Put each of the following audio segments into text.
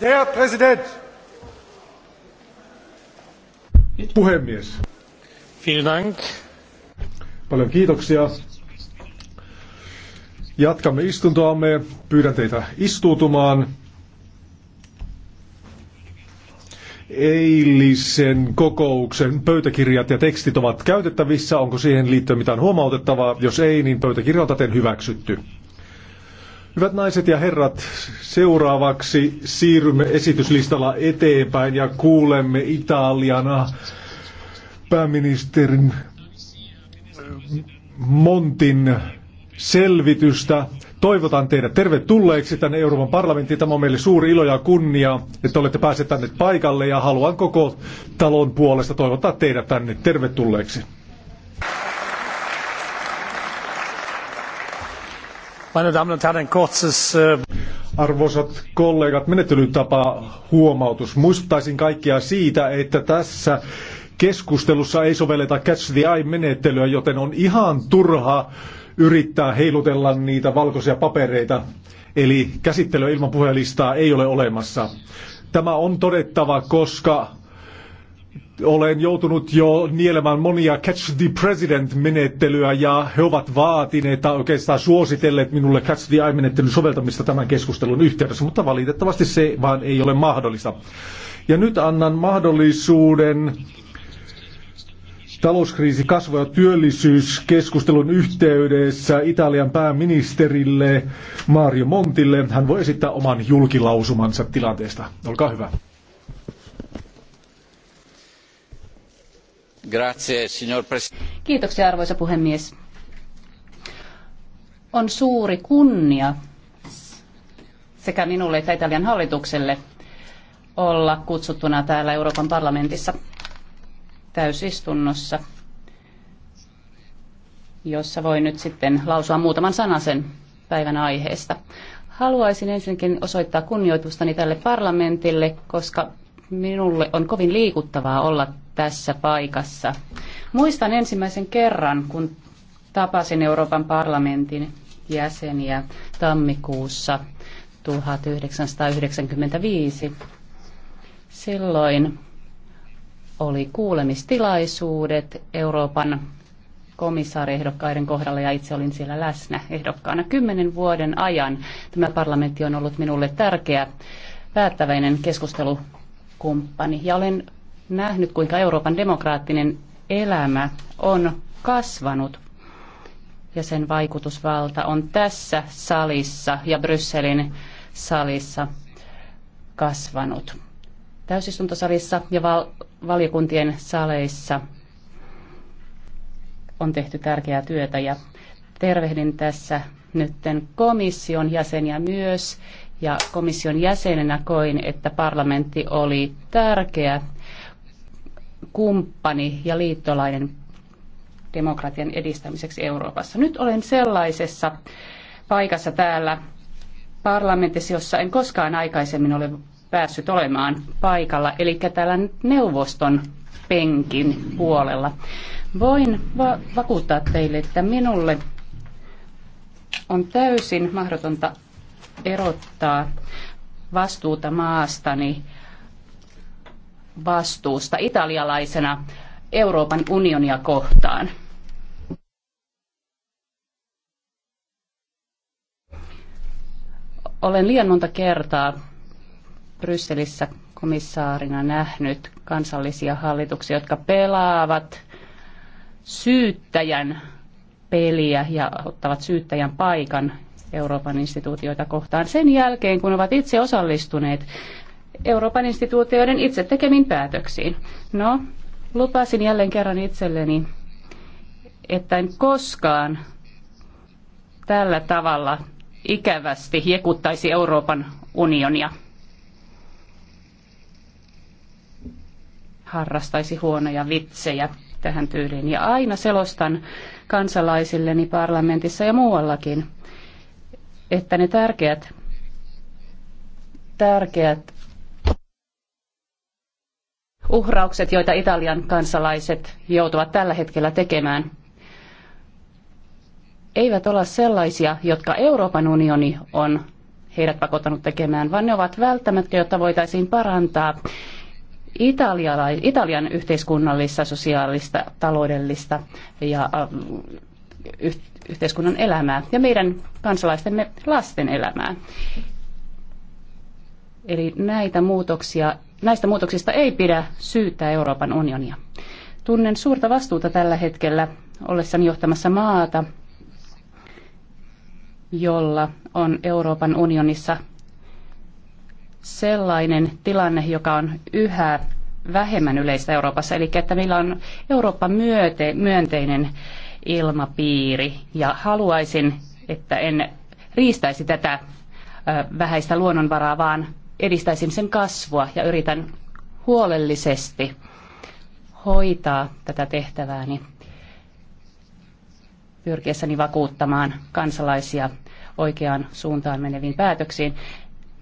Herr Präsident. Puhemies. Vielen Dank. Paljon kiitoksia. Jatkamme istuntoamme. Pyydän teitä istuutumaan. Eilisen kokouksen pöytäkirjat ja tekstit ovat käytettävissä. Onko siihen liittyen mitään huomautettavaa? Jos ei, niin pöytäkirja on täten hyväksytty. Hyvät naiset ja herrat, seuraavaksi siirrymme esityslistalla eteenpäin ja kuulemme Italiana pääministerin eh, Montin selvitystä. Toivotan teidät tervetulleeksi tänne Euroopan parlamenttiin. Tämä on meille suuri ilo ja kunnia, että olette päässeet tänne paikalle ja haluan koko talon puolesta toivottaa teidät tänne tervetulleeksi. Äh, Arvoisat kollegat, menettelytapa huomautus. Muistuttaisin kaikkia siitä, että tässä keskustelussa ei sovelleta catch the eye-menettelyä, joten on ihan turha yrittää heilutella niitä valkoisia papereita. Eli käsittelyä ilman puhelistaa ei ole olemassa. Tämä on todettava, koska olen joutunut jo nielemään monia Catch the President-menettelyä ja he ovat vaatineet tai oikeastaan suositelleet minulle Catch the Eye-menettelyn soveltamista tämän keskustelun yhteydessä, mutta valitettavasti se vaan ei ole mahdollista. Ja nyt annan mahdollisuuden talouskriisi, kasvu- ja työllisyyskeskustelun yhteydessä Italian pääministerille Mario Montille. Hän voi esittää oman julkilausumansa tilanteesta. Olkaa hyvä. Kiitoksia arvoisa puhemies. On suuri kunnia sekä minulle että Italian hallitukselle olla kutsuttuna täällä Euroopan parlamentissa täysistunnossa, jossa voi nyt sitten lausua muutaman sanasen päivän aiheesta. Haluaisin ensinnäkin osoittaa kunnioitustani tälle parlamentille, koska minulle on kovin liikuttavaa olla tässä paikassa. Muistan ensimmäisen kerran, kun tapasin Euroopan parlamentin jäseniä tammikuussa 1995. Silloin oli kuulemistilaisuudet Euroopan komissaariehdokkaiden kohdalla ja itse olin siellä läsnä ehdokkaana kymmenen vuoden ajan. Tämä parlamentti on ollut minulle tärkeä päättäväinen keskustelukumppani ja olen nähnyt, kuinka Euroopan demokraattinen elämä on kasvanut ja sen vaikutusvalta on tässä salissa ja Brysselin salissa kasvanut. Täysistuntosalissa ja val- valiokuntien saleissa on tehty tärkeää työtä ja tervehdin tässä nytten komission jäseniä myös ja komission jäsenenä koin, että parlamentti oli tärkeä kumppani ja liittolainen demokratian edistämiseksi Euroopassa. Nyt olen sellaisessa paikassa täällä parlamentissa, jossa en koskaan aikaisemmin ole päässyt olemaan paikalla, eli täällä neuvoston penkin puolella. Voin va- vakuuttaa teille, että minulle on täysin mahdotonta erottaa vastuuta maastani vastuusta italialaisena Euroopan unionia kohtaan. Olen liian monta kertaa Brysselissä komissaarina nähnyt kansallisia hallituksia, jotka pelaavat syyttäjän peliä ja ottavat syyttäjän paikan Euroopan instituutioita kohtaan sen jälkeen, kun ovat itse osallistuneet Euroopan instituutioiden itse tekemiin päätöksiin. No, lupasin jälleen kerran itselleni, että en koskaan tällä tavalla ikävästi hiekuttaisi Euroopan unionia. Harrastaisi huonoja vitsejä tähän tyyliin. Ja aina selostan kansalaisilleni parlamentissa ja muuallakin, että ne tärkeät, tärkeät uhraukset, joita Italian kansalaiset joutuvat tällä hetkellä tekemään, eivät ole sellaisia, jotka Euroopan unioni on heidät pakottanut tekemään, vaan ne ovat välttämättömiä, jotta voitaisiin parantaa Italian yhteiskunnallista, sosiaalista, taloudellista ja ähm, yhteiskunnan elämää ja meidän kansalaistemme lasten elämää. Eli näitä muutoksia näistä muutoksista ei pidä syyttää Euroopan unionia. Tunnen suurta vastuuta tällä hetkellä ollessani johtamassa maata, jolla on Euroopan unionissa sellainen tilanne, joka on yhä vähemmän yleistä Euroopassa, eli että meillä on Eurooppa myöte, myönteinen ilmapiiri ja haluaisin, että en riistäisi tätä vähäistä luonnonvaraa, vaan Edistäisin sen kasvua ja yritän huolellisesti hoitaa tätä tehtävääni pyrkiessäni vakuuttamaan kansalaisia oikeaan suuntaan meneviin päätöksiin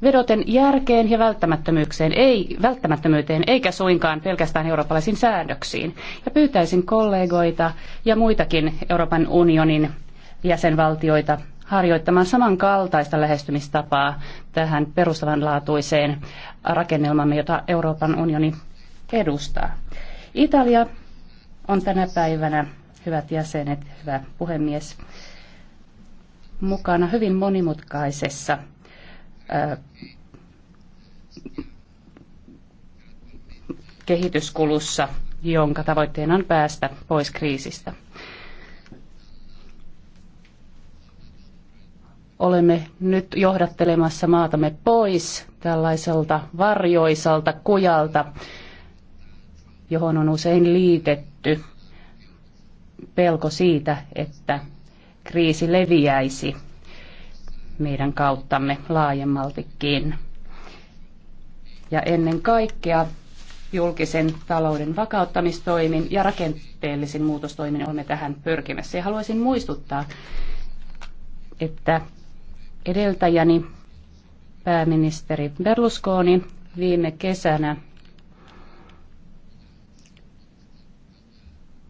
vedoten järkeen ja välttämättömyykseen, ei, välttämättömyyteen eikä suinkaan pelkästään eurooppalaisiin säännöksiin. Ja pyytäisin kollegoita ja muitakin Euroopan unionin jäsenvaltioita harjoittamaan samankaltaista lähestymistapaa tähän perustavanlaatuiseen rakennelmamme, jota Euroopan unioni edustaa. Italia on tänä päivänä, hyvät jäsenet, hyvä puhemies, mukana hyvin monimutkaisessa kehityskulussa, jonka tavoitteena on päästä pois kriisistä. olemme nyt johdattelemassa maatamme pois tällaiselta varjoisalta kujalta, johon on usein liitetty pelko siitä, että kriisi leviäisi meidän kauttamme laajemmaltikin. Ja ennen kaikkea julkisen talouden vakauttamistoimin ja rakenteellisin muutostoimin olemme tähän pyrkimässä. Ja haluaisin muistuttaa, että edeltäjäni, pääministeri Berlusconi, viime kesänä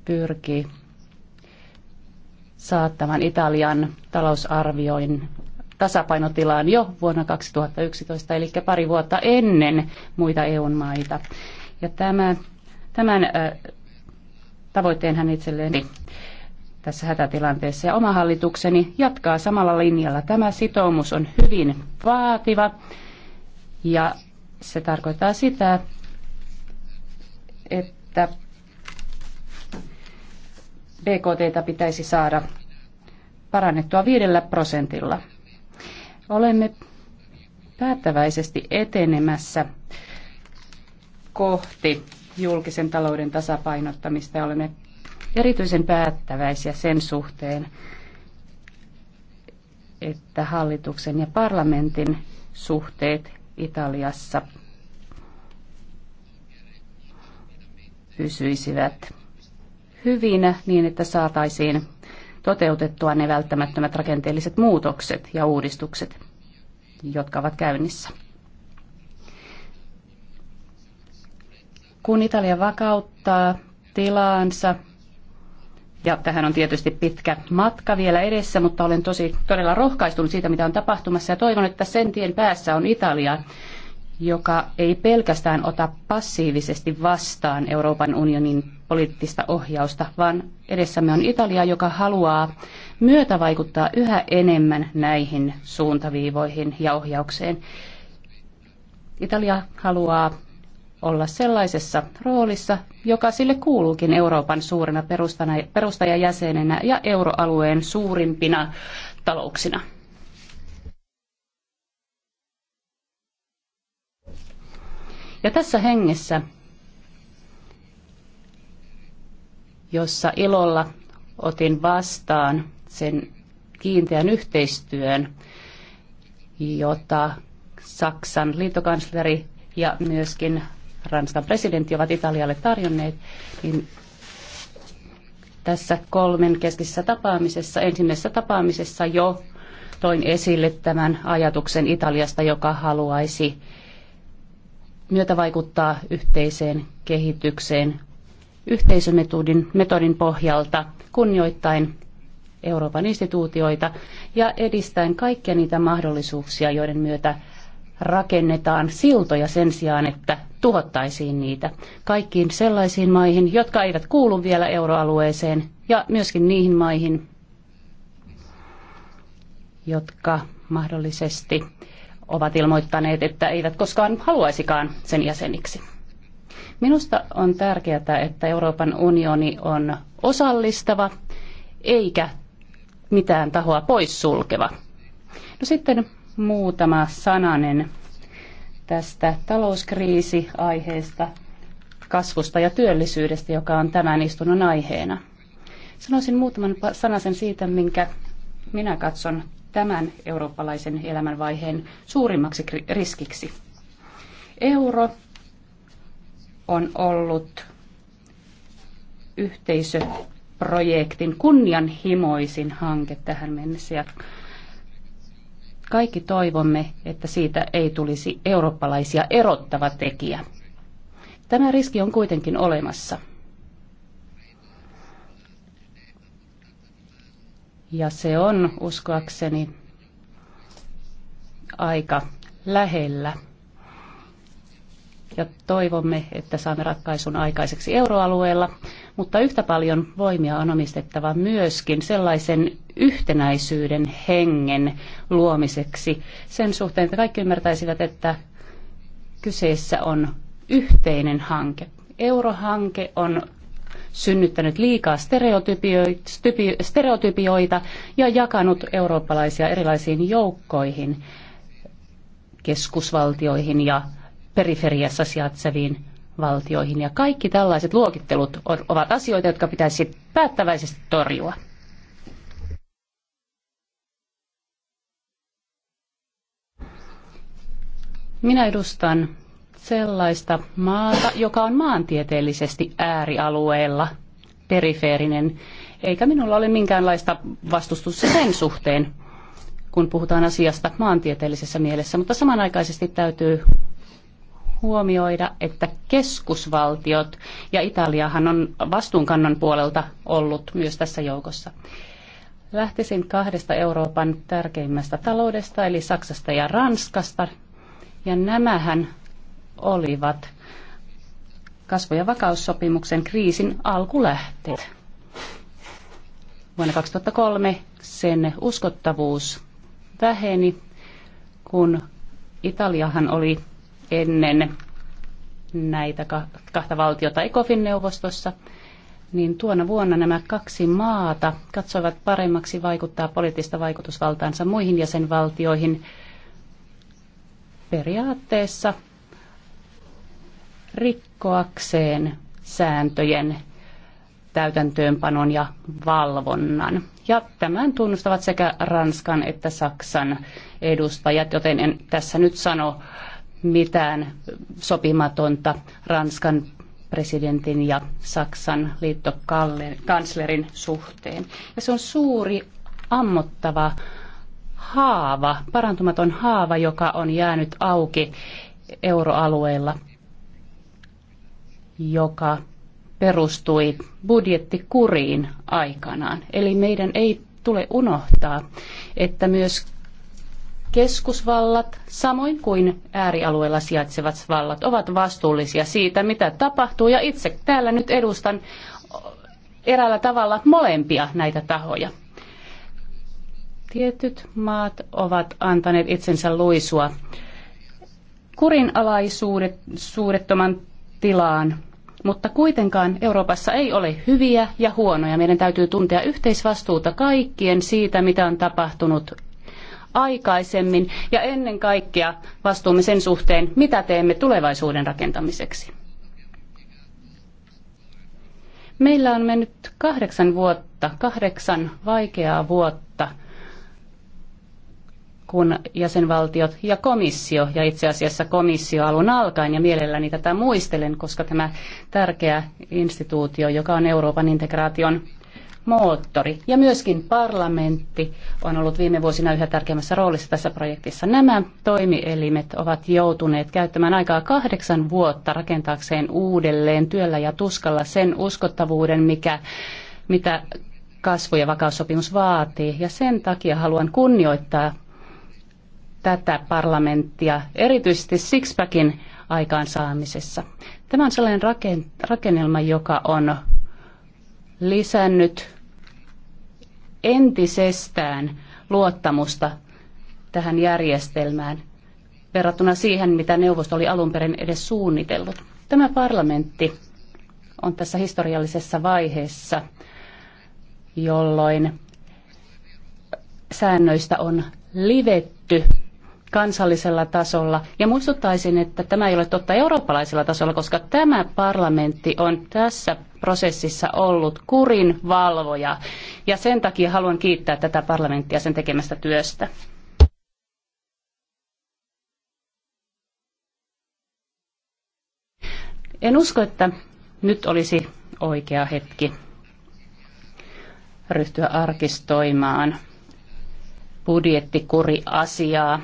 pyrki saattamaan Italian talousarvioin tasapainotilaan jo vuonna 2011, eli pari vuotta ennen muita eu maita. Ja tämä, tämän äh, tavoitteen hän itselleen tässä hätätilanteessa. Ja oma hallitukseni jatkaa samalla linjalla. Tämä sitoumus on hyvin vaativa ja se tarkoittaa sitä, että BKT pitäisi saada parannettua viidellä prosentilla. Olemme päättäväisesti etenemässä kohti julkisen talouden tasapainottamista ja olemme erityisen päättäväisiä sen suhteen, että hallituksen ja parlamentin suhteet Italiassa pysyisivät hyvinä niin, että saataisiin toteutettua ne välttämättömät rakenteelliset muutokset ja uudistukset, jotka ovat käynnissä. Kun Italia vakauttaa tilaansa ja tähän on tietysti pitkä matka vielä edessä, mutta olen tosi todella rohkaistunut siitä, mitä on tapahtumassa ja toivon, että sen tien päässä on Italia, joka ei pelkästään ota passiivisesti vastaan Euroopan unionin poliittista ohjausta, vaan edessämme on Italia, joka haluaa myötävaikuttaa yhä enemmän näihin suuntaviivoihin ja ohjaukseen. Italia haluaa olla sellaisessa roolissa, joka sille kuuluukin Euroopan suurena perustajajäsenenä ja euroalueen suurimpina talouksina. Ja tässä hengessä, jossa ilolla otin vastaan sen kiinteän yhteistyön, jota Saksan liittokansleri ja myöskin Ranskan presidentti ovat Italialle tarjonneet, niin tässä kolmen keskisessä tapaamisessa, ensimmäisessä tapaamisessa jo toin esille tämän ajatuksen Italiasta, joka haluaisi myötävaikuttaa yhteiseen kehitykseen yhteisömetodin metodin pohjalta kunnioittain Euroopan instituutioita ja edistäen kaikkia niitä mahdollisuuksia, joiden myötä rakennetaan siltoja sen sijaan, että tuhottaisiin niitä kaikkiin sellaisiin maihin, jotka eivät kuulu vielä euroalueeseen ja myöskin niihin maihin, jotka mahdollisesti ovat ilmoittaneet, että eivät koskaan haluaisikaan sen jäseniksi. Minusta on tärkeää, että Euroopan unioni on osallistava eikä mitään tahoa poissulkeva. No sitten muutama sananen tästä talouskriisiaiheesta, kasvusta ja työllisyydestä, joka on tämän istunnon aiheena. Sanoisin muutaman sanasen siitä, minkä minä katson tämän eurooppalaisen elämänvaiheen suurimmaksi riskiksi. Euro on ollut yhteisöprojektin kunnianhimoisin hanke tähän mennessä ja kaikki toivomme, että siitä ei tulisi eurooppalaisia erottava tekijä. Tämä riski on kuitenkin olemassa. Ja se on uskoakseni aika lähellä. Ja toivomme, että saamme ratkaisun aikaiseksi euroalueella, mutta yhtä paljon voimia on omistettava myöskin sellaisen yhtenäisyyden hengen luomiseksi sen suhteen, että kaikki ymmärtäisivät, että kyseessä on yhteinen hanke. Eurohanke on synnyttänyt liikaa stereotypioita ja jakanut eurooppalaisia erilaisiin joukkoihin, keskusvaltioihin ja periferiassa sijaitseviin valtioihin. Ja kaikki tällaiset luokittelut ovat asioita, jotka pitäisi päättäväisesti torjua. Minä edustan sellaista maata, joka on maantieteellisesti äärialueella perifeerinen, eikä minulla ole minkäänlaista vastustusta sen suhteen, kun puhutaan asiasta maantieteellisessä mielessä, mutta samanaikaisesti täytyy huomioida, että keskusvaltiot, ja Italiahan on vastuunkannon puolelta ollut myös tässä joukossa, lähtisin kahdesta Euroopan tärkeimmästä taloudesta, eli Saksasta ja Ranskasta, ja nämähän olivat kasvu- ja vakaussopimuksen kriisin alkulähteet. Vuonna 2003 sen uskottavuus väheni, kun Italiahan oli ennen näitä kahta valtiota ECOFIN-neuvostossa, niin tuona vuonna nämä kaksi maata katsoivat paremmaksi vaikuttaa poliittista vaikutusvaltaansa muihin jäsenvaltioihin periaatteessa rikkoakseen sääntöjen täytäntöönpanon ja valvonnan. Ja tämän tunnustavat sekä Ranskan että Saksan edustajat, joten en tässä nyt sano mitään sopimatonta Ranskan presidentin ja Saksan liittokanslerin suhteen. Ja se on suuri, ammottava haava, parantumaton haava, joka on jäänyt auki euroalueella, joka perustui budjettikuriin aikanaan. Eli meidän ei tule unohtaa, että myös keskusvallat, samoin kuin äärialueella sijaitsevat vallat, ovat vastuullisia siitä, mitä tapahtuu. Ja itse täällä nyt edustan eräällä tavalla molempia näitä tahoja. Tietyt maat ovat antaneet itsensä luisua kurinalaisuudettoman tilaan, mutta kuitenkaan Euroopassa ei ole hyviä ja huonoja. Meidän täytyy tuntea yhteisvastuuta kaikkien siitä, mitä on tapahtunut aikaisemmin ja ennen kaikkea vastuumme sen suhteen, mitä teemme tulevaisuuden rakentamiseksi. Meillä on mennyt kahdeksan vuotta, kahdeksan vaikeaa vuotta, kun jäsenvaltiot ja komissio, ja itse asiassa komissio alun alkaen, ja mielelläni tätä muistelen, koska tämä tärkeä instituutio, joka on Euroopan integraation moottori. Ja myöskin parlamentti on ollut viime vuosina yhä tärkeämmässä roolissa tässä projektissa. Nämä toimielimet ovat joutuneet käyttämään aikaa kahdeksan vuotta rakentaakseen uudelleen työllä ja tuskalla sen uskottavuuden, mikä, mitä kasvu- ja vakaussopimus vaatii. Ja sen takia haluan kunnioittaa tätä parlamenttia, erityisesti Sixpackin aikaansaamisessa. Tämä on sellainen rakennelma, joka on lisännyt entisestään luottamusta tähän järjestelmään verrattuna siihen, mitä neuvosto oli alun perin edes suunnitellut. Tämä parlamentti on tässä historiallisessa vaiheessa, jolloin säännöistä on livetty kansallisella tasolla. Ja muistuttaisin, että tämä ei ole totta eurooppalaisella tasolla, koska tämä parlamentti on tässä prosessissa ollut kurin valvoja. Ja sen takia haluan kiittää tätä parlamenttia sen tekemästä työstä. En usko, että nyt olisi oikea hetki ryhtyä arkistoimaan budjettikuriasiaa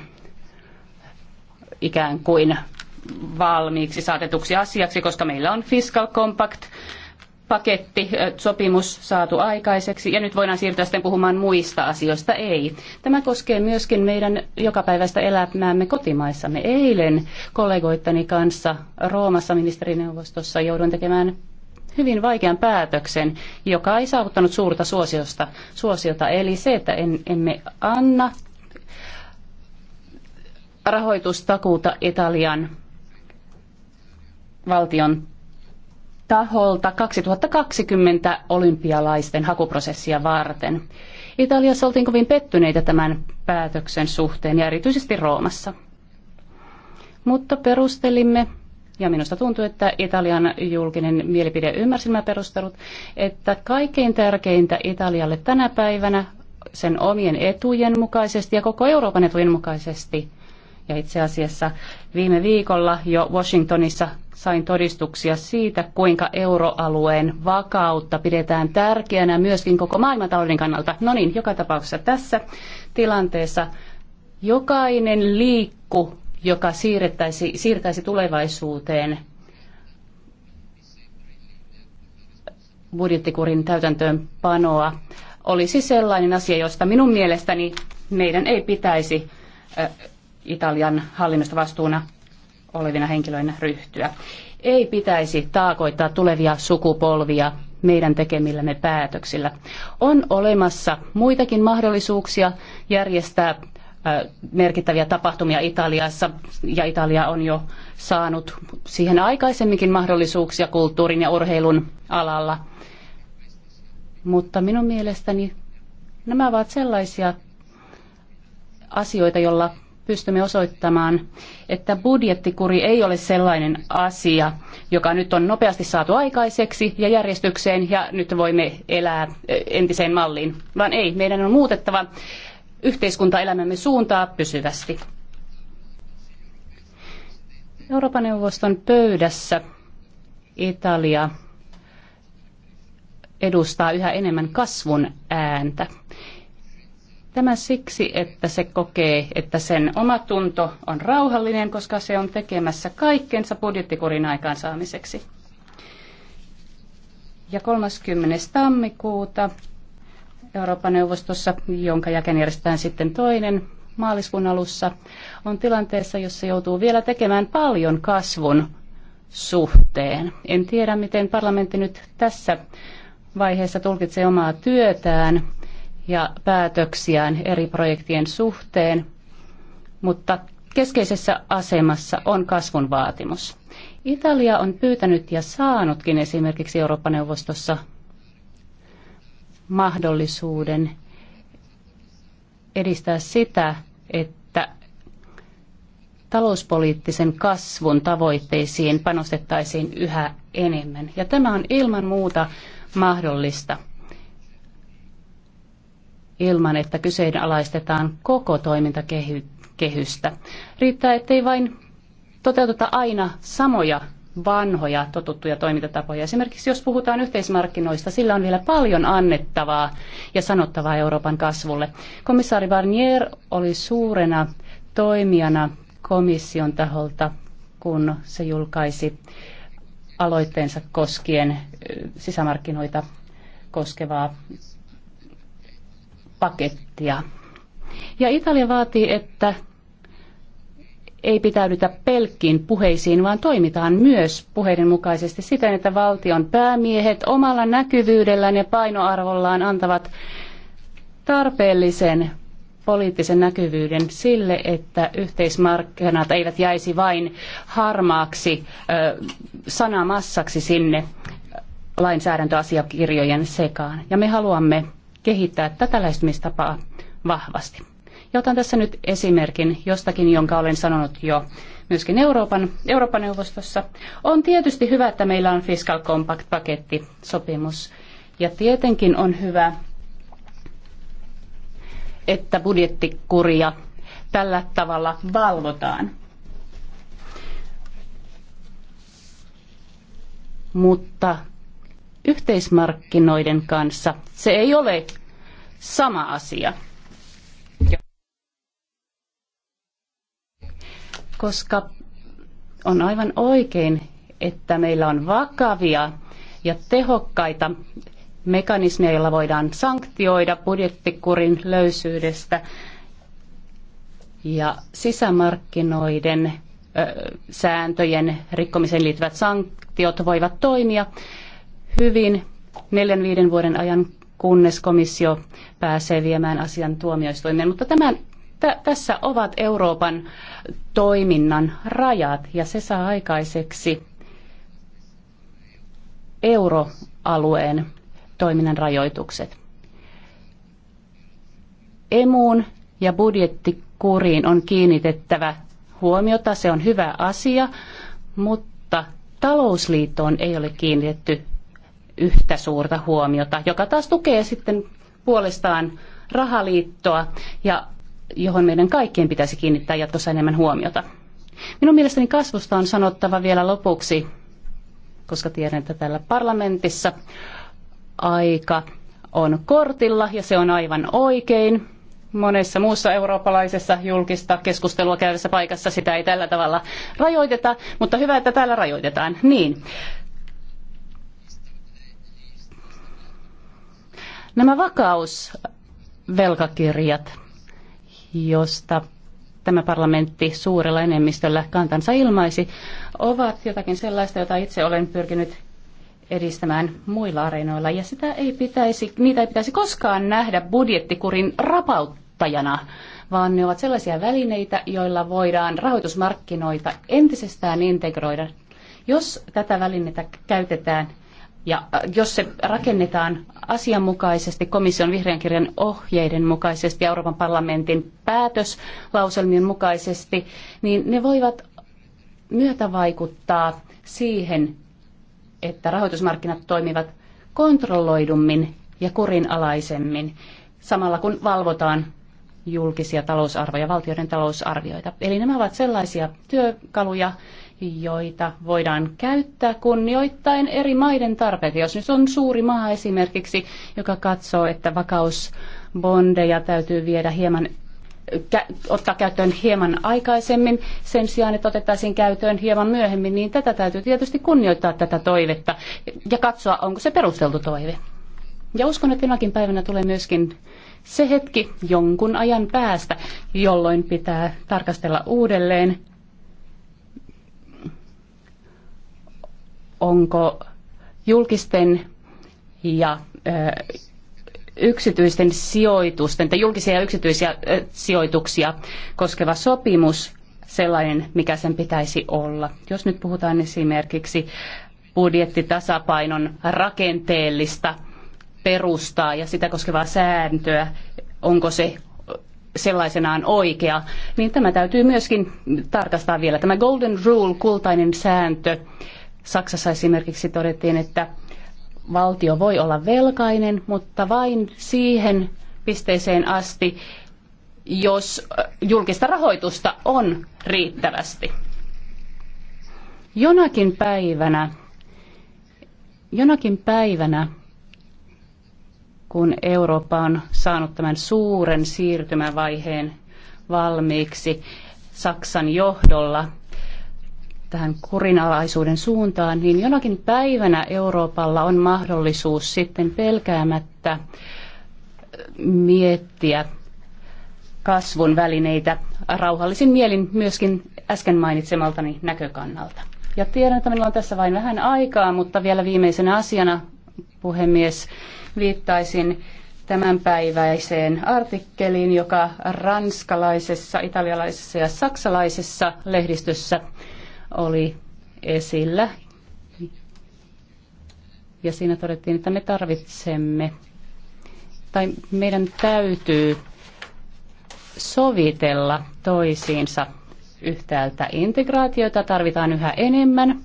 ikään kuin valmiiksi saatetuksi asiaksi, koska meillä on fiscal compact paketti, sopimus saatu aikaiseksi ja nyt voidaan siirtyä sitten puhumaan muista asioista. Ei. Tämä koskee myöskin meidän jokapäiväistä elämäämme kotimaissamme. Eilen kollegoittani kanssa Roomassa ministerineuvostossa jouduin tekemään hyvin vaikean päätöksen, joka ei saavuttanut suurta suosiosta, suosiota. Eli se, että en, emme anna rahoitustakuuta Italian valtion taholta 2020 olympialaisten hakuprosessia varten. Italiassa oltiin kovin pettyneitä tämän päätöksen suhteen ja erityisesti Roomassa. Mutta perustelimme, ja minusta tuntuu, että Italian julkinen mielipide ymmärsi nämä perustelut, että kaikkein tärkeintä Italialle tänä päivänä sen omien etujen mukaisesti ja koko Euroopan etujen mukaisesti – ja itse asiassa viime viikolla jo Washingtonissa sain todistuksia siitä, kuinka euroalueen vakautta pidetään tärkeänä myöskin koko maailmantalouden kannalta. No niin, joka tapauksessa tässä tilanteessa jokainen liikku, joka siirrettäisi, siirtäisi tulevaisuuteen budjettikurin täytäntöönpanoa, olisi sellainen asia, josta minun mielestäni meidän ei pitäisi Italian hallinnosta vastuuna olevina henkilöinä ryhtyä. Ei pitäisi taakoittaa tulevia sukupolvia meidän tekemillämme päätöksillä. On olemassa muitakin mahdollisuuksia järjestää merkittäviä tapahtumia Italiassa, ja Italia on jo saanut siihen aikaisemminkin mahdollisuuksia kulttuurin ja urheilun alalla. Mutta minun mielestäni nämä ovat sellaisia asioita, joilla pystymme osoittamaan, että budjettikuri ei ole sellainen asia, joka nyt on nopeasti saatu aikaiseksi ja järjestykseen ja nyt voimme elää eh, entiseen malliin, vaan ei, meidän on muutettava yhteiskuntaelämämme suuntaa pysyvästi. Euroopan neuvoston pöydässä Italia edustaa yhä enemmän kasvun ääntä. Tämä siksi, että se kokee, että sen oma tunto on rauhallinen, koska se on tekemässä kaikkensa budjettikurin aikaansaamiseksi. Ja 30. tammikuuta Euroopan neuvostossa, jonka jälkeen järjestetään sitten toinen maaliskuun alussa, on tilanteessa, jossa joutuu vielä tekemään paljon kasvun suhteen. En tiedä, miten parlamentti nyt tässä vaiheessa tulkitsee omaa työtään ja päätöksiään eri projektien suhteen, mutta keskeisessä asemassa on kasvun vaatimus. Italia on pyytänyt ja saanutkin esimerkiksi Euroopan neuvostossa mahdollisuuden edistää sitä, että talouspoliittisen kasvun tavoitteisiin panostettaisiin yhä enemmän. Ja tämä on ilman muuta mahdollista ilman, että kyseenalaistetaan koko toimintakehystä. Riittää, ettei vain toteuteta aina samoja vanhoja totuttuja toimintatapoja. Esimerkiksi jos puhutaan yhteismarkkinoista, sillä on vielä paljon annettavaa ja sanottavaa Euroopan kasvulle. Komissaari Barnier oli suurena toimijana komission taholta, kun se julkaisi aloitteensa koskien sisämarkkinoita koskevaa pakettia. Ja Italia vaatii, että ei pitäydytä pelkkiin puheisiin, vaan toimitaan myös puheiden mukaisesti siten, että valtion päämiehet omalla näkyvyydellään ja painoarvollaan antavat tarpeellisen poliittisen näkyvyyden sille, että yhteismarkkinat eivät jäisi vain harmaaksi ö, sanamassaksi sinne lainsäädäntöasiakirjojen sekaan. Ja me haluamme kehittää tätä lähestymistapaa vahvasti. Ja otan tässä nyt esimerkin jostakin, jonka olen sanonut jo myöskin Euroopan, Euroopan neuvostossa. On tietysti hyvä, että meillä on Fiscal Compact-paketti, sopimus. Ja tietenkin on hyvä, että budjettikuria tällä tavalla valvotaan. Mutta yhteismarkkinoiden kanssa. Se ei ole sama asia. Koska on aivan oikein, että meillä on vakavia ja tehokkaita mekanismeja, joilla voidaan sanktioida budjettikurin löysyydestä ja sisämarkkinoiden ö, sääntöjen rikkomiseen liittyvät sanktiot voivat toimia hyvin neljän viiden vuoden ajan, kunnes komissio pääsee viemään asian tuomioistuimeen. Mutta tämän, t- tässä ovat Euroopan toiminnan rajat ja se saa aikaiseksi euroalueen toiminnan rajoitukset. Emuun ja budjettikuriin on kiinnitettävä huomiota, se on hyvä asia, mutta talousliittoon ei ole kiinnitetty yhtä suurta huomiota, joka taas tukee sitten puolestaan rahaliittoa ja johon meidän kaikkien pitäisi kiinnittää jatkossa enemmän huomiota. Minun mielestäni kasvusta on sanottava vielä lopuksi, koska tiedän, että täällä parlamentissa aika on kortilla ja se on aivan oikein. Monessa muussa eurooppalaisessa julkista keskustelua käyvässä paikassa sitä ei tällä tavalla rajoiteta, mutta hyvä, että täällä rajoitetaan. Niin, Nämä vakausvelkakirjat, josta tämä parlamentti suurella enemmistöllä kantansa ilmaisi, ovat jotakin sellaista, jota itse olen pyrkinyt edistämään muilla areenoilla. Ja sitä ei pitäisi, niitä ei pitäisi koskaan nähdä budjettikurin rapauttajana, vaan ne ovat sellaisia välineitä, joilla voidaan rahoitusmarkkinoita entisestään integroida, jos tätä välinettä käytetään ja äh, jos se rakennetaan asianmukaisesti komission vihreän kirjan ohjeiden mukaisesti ja Euroopan parlamentin päätöslauselmien mukaisesti, niin ne voivat myötävaikuttaa siihen, että rahoitusmarkkinat toimivat kontrolloidummin ja kurinalaisemmin, samalla kun valvotaan julkisia talousarvoja, valtioiden talousarvioita. Eli nämä ovat sellaisia työkaluja, joita voidaan käyttää kunnioittain eri maiden tarpeita. Jos nyt on suuri maa esimerkiksi, joka katsoo, että vakausbondeja täytyy viedä hieman ottaa käyttöön hieman aikaisemmin sen sijaan, että otettaisiin käyttöön hieman myöhemmin, niin tätä täytyy tietysti kunnioittaa tätä toivetta ja katsoa, onko se perusteltu toive. Ja uskon, että jonakin päivänä tulee myöskin se hetki jonkun ajan päästä, jolloin pitää tarkastella uudelleen onko julkisten ja yksityisten sijoitusten tai julkisia ja yksityisiä sijoituksia koskeva sopimus sellainen, mikä sen pitäisi olla. Jos nyt puhutaan esimerkiksi budjettitasapainon rakenteellista perustaa ja sitä koskevaa sääntöä, onko se sellaisenaan oikea, niin tämä täytyy myöskin tarkastaa vielä. Tämä golden rule, kultainen sääntö, Saksassa esimerkiksi todettiin, että valtio voi olla velkainen, mutta vain siihen pisteeseen asti, jos äh, julkista rahoitusta on riittävästi. Jonakin päivänä, jonakin päivänä kun Eurooppa on saanut tämän suuren siirtymävaiheen valmiiksi Saksan johdolla, tähän kurinalaisuuden suuntaan, niin jonakin päivänä Euroopalla on mahdollisuus sitten pelkäämättä miettiä kasvun välineitä rauhallisin mielin myöskin äsken mainitsemaltani näkökannalta. Ja tiedän, että minulla on tässä vain vähän aikaa, mutta vielä viimeisenä asiana, puhemies, viittaisin tämänpäiväiseen artikkeliin, joka ranskalaisessa, italialaisessa ja saksalaisessa lehdistössä oli esillä. Ja siinä todettiin, että me tarvitsemme tai meidän täytyy sovitella toisiinsa yhtäältä integraatiota tarvitaan yhä enemmän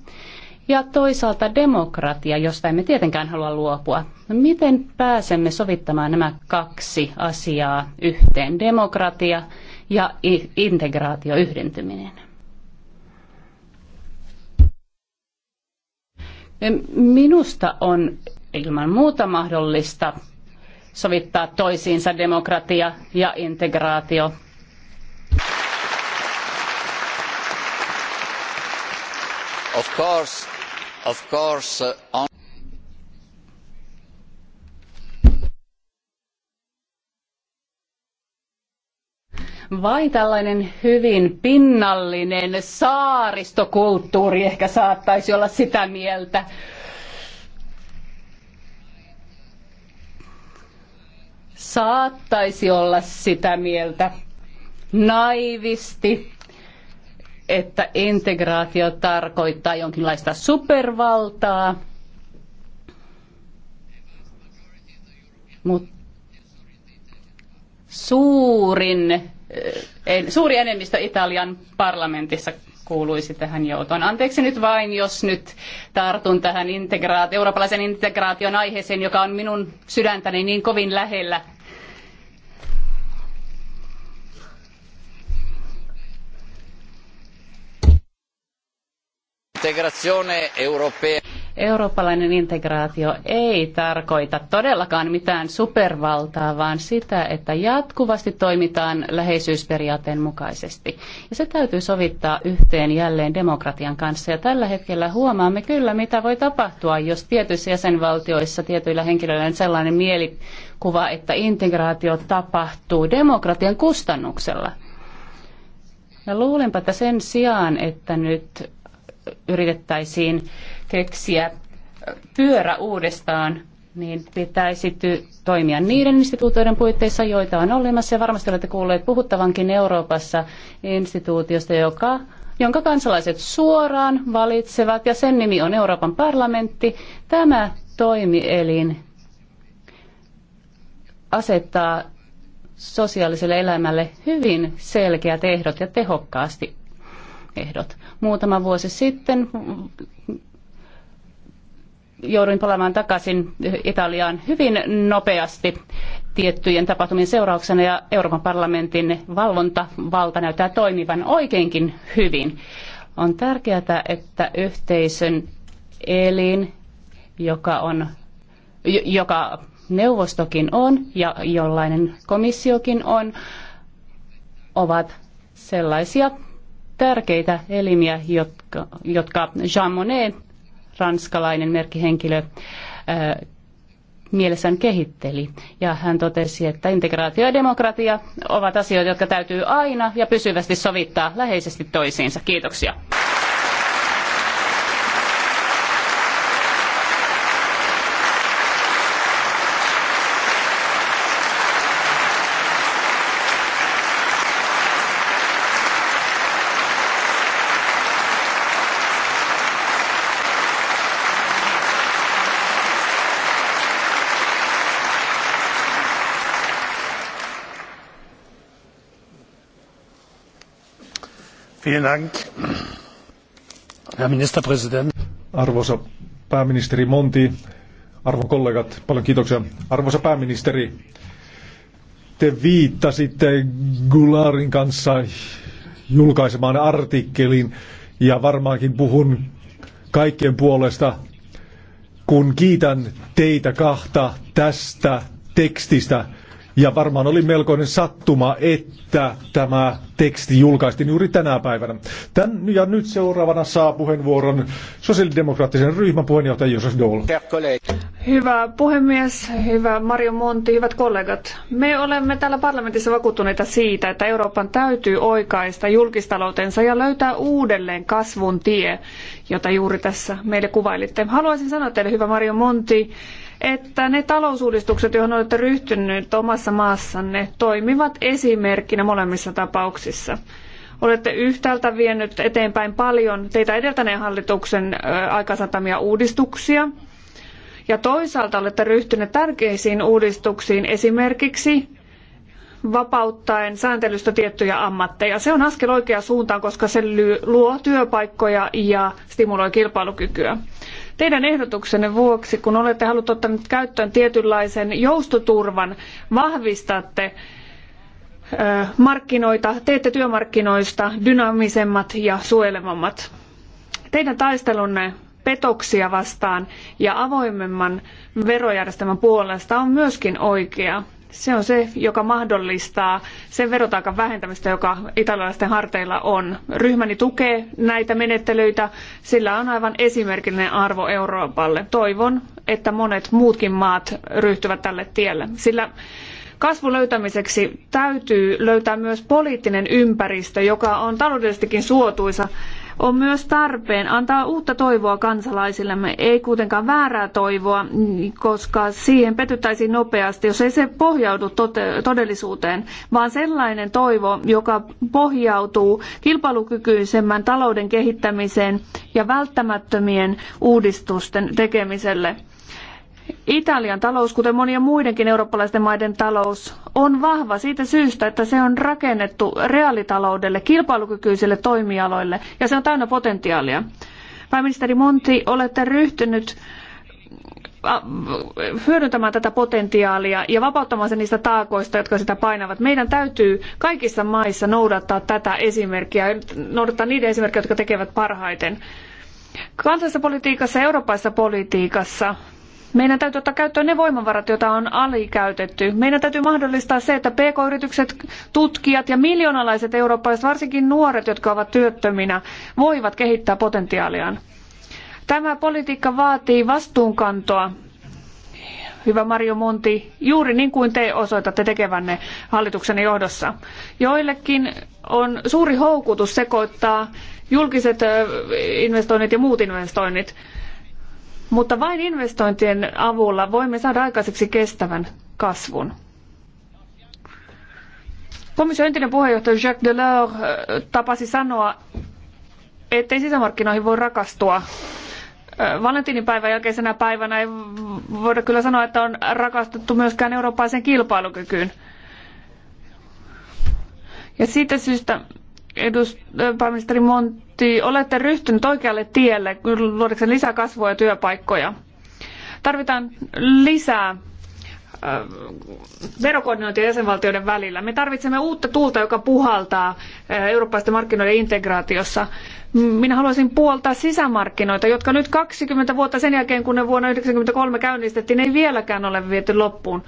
ja toisaalta demokratia, josta emme tietenkään halua luopua. No miten pääsemme sovittamaan nämä kaksi asiaa yhteen, demokratia ja integraatio yhdentyminen? Minusta on ilman muuta mahdollista sovittaa toisiinsa demokratia ja integraatio. Of course, of course, uh, on... Vain tällainen hyvin pinnallinen saaristokulttuuri ehkä saattaisi olla sitä mieltä. Saattaisi olla sitä mieltä naivisti, että integraatio tarkoittaa jonkinlaista supervaltaa, mutta suurin Eh, suuri enemmistö Italian parlamentissa kuuluisi tähän joutoon. Anteeksi nyt vain, jos nyt tartun tähän integraat- eurooppalaisen integraation aiheeseen, joka on minun sydäntäni niin kovin lähellä. Integrazione europea. Eurooppalainen integraatio ei tarkoita todellakaan mitään supervaltaa, vaan sitä, että jatkuvasti toimitaan läheisyysperiaatteen mukaisesti. Ja se täytyy sovittaa yhteen jälleen demokratian kanssa. Ja tällä hetkellä huomaamme kyllä, mitä voi tapahtua, jos tietyissä jäsenvaltioissa tietyillä henkilöillä on sellainen mielikuva, että integraatio tapahtuu demokratian kustannuksella. Ja luulenpa, että sen sijaan, että nyt yritettäisiin keksiä pyörä uudestaan, niin pitäisi toimia niiden instituutioiden puitteissa, joita on olemassa. Ja varmasti olette kuulleet puhuttavankin Euroopassa instituutiosta, joka, jonka kansalaiset suoraan valitsevat, ja sen nimi on Euroopan parlamentti. Tämä toimielin asettaa sosiaaliselle elämälle hyvin selkeät ehdot ja tehokkaasti ehdot muutama vuosi sitten jouduin palaamaan takaisin Italiaan hyvin nopeasti tiettyjen tapahtumien seurauksena ja Euroopan parlamentin valvontavalta näyttää toimivan oikeinkin hyvin. On tärkeää, että yhteisön elin, joka, on, joka neuvostokin on ja jollainen komissiokin on, ovat sellaisia tärkeitä elimiä, jotka, jotka Jean Monnet, ranskalainen merkkihenkilö, äh, mielessään kehitteli. Ja hän totesi, että integraatio ja demokratia ovat asioita, jotka täytyy aina ja pysyvästi sovittaa läheisesti toisiinsa. Kiitoksia. Arvoisa pääministeri Monti, arvon kollegat, paljon kiitoksia. Arvoisa pääministeri, te viittasitte Gularin kanssa julkaisemaan artikkelin ja varmaankin puhun kaikkien puolesta, kun kiitän teitä kahta tästä tekstistä. Ja varmaan oli melkoinen sattuma, että tämä teksti julkaistiin juuri tänä päivänä. Tän, ja nyt seuraavana saa puheenvuoron sosiaalidemokraattisen ryhmän puheenjohtaja Joseph Dole. Hyvä puhemies, hyvä Mario Monti, hyvät kollegat. Me olemme täällä parlamentissa vakuuttuneita siitä, että Euroopan täytyy oikaista julkistaloutensa ja löytää uudelleen kasvun tie, jota juuri tässä meille kuvailitte. Haluaisin sanoa teille, hyvä Mario Monti, että ne talousuudistukset, joihin olette ryhtyneet omassa maassanne, toimivat esimerkkinä molemmissa tapauksissa. Olette yhtäältä vienyt eteenpäin paljon teitä edeltäneen hallituksen aikasatamia uudistuksia, ja toisaalta olette ryhtyneet tärkeisiin uudistuksiin esimerkiksi vapauttaen sääntelystä tiettyjä ammatteja. Se on askel oikeaan suuntaan, koska se luo työpaikkoja ja stimuloi kilpailukykyä. Teidän ehdotuksenne vuoksi, kun olette halunneet ottaa nyt käyttöön tietynlaisen joustoturvan, vahvistatte markkinoita, teette työmarkkinoista dynaamisemmat ja suojelevammat. Teidän taistelunne petoksia vastaan ja avoimemman verojärjestelmän puolesta on myöskin oikea. Se on se, joka mahdollistaa sen verotaakan vähentämistä, joka italialaisten harteilla on. Ryhmäni tukee näitä menettelyitä, sillä on aivan esimerkillinen arvo Euroopalle. Toivon, että monet muutkin maat ryhtyvät tälle tielle, sillä kasvun löytämiseksi täytyy löytää myös poliittinen ympäristö, joka on taloudellisestikin suotuisa on myös tarpeen antaa uutta toivoa kansalaisillemme, ei kuitenkaan väärää toivoa, koska siihen petyttäisiin nopeasti, jos ei se pohjaudu todellisuuteen, vaan sellainen toivo, joka pohjautuu kilpailukykyisemmän talouden kehittämiseen ja välttämättömien uudistusten tekemiselle. Italian talous, kuten monien muidenkin eurooppalaisten maiden talous, on vahva siitä syystä, että se on rakennettu reaalitaloudelle, kilpailukykyisille toimialoille ja se on täynnä potentiaalia. Pääministeri Monti, olette ryhtynyt hyödyntämään tätä potentiaalia ja vapauttamaan se niistä taakoista, jotka sitä painavat. Meidän täytyy kaikissa maissa noudattaa tätä esimerkkiä, noudattaa niitä esimerkkejä, jotka tekevät parhaiten. Kansallisessa politiikassa ja eurooppaisessa politiikassa meidän täytyy ottaa käyttöön ne voimavarat, joita on alikäytetty. Meidän täytyy mahdollistaa se, että pk-yritykset, tutkijat ja miljoonalaiset eurooppalaiset, varsinkin nuoret, jotka ovat työttöminä, voivat kehittää potentiaaliaan. Tämä politiikka vaatii vastuunkantoa, hyvä Mario Monti, juuri niin kuin te osoitatte tekevänne hallituksen johdossa. Joillekin on suuri houkutus sekoittaa julkiset investoinnit ja muut investoinnit. Mutta vain investointien avulla voimme saada aikaiseksi kestävän kasvun. Komission entinen puheenjohtaja Jacques Delors äh, tapasi sanoa, ettei sisämarkkinoihin voi rakastua. Äh, Valentinipäivän jälkeisenä päivänä ei voida kyllä sanoa, että on rakastettu myöskään eurooppaisen kilpailukykyyn. Ja siitä syystä edust- äh, pääministeri Montti, olette ryhtynyt oikealle tielle luodakseen lisää kasvua ja työpaikkoja. Tarvitaan lisää äh, verokoordinointia jäsenvaltioiden välillä. Me tarvitsemme uutta tuulta, joka puhaltaa äh, eurooppalaisten markkinoiden integraatiossa. Minä haluaisin puoltaa sisämarkkinoita, jotka nyt 20 vuotta sen jälkeen, kun ne vuonna 1993 käynnistettiin, ei vieläkään ole viety loppuun.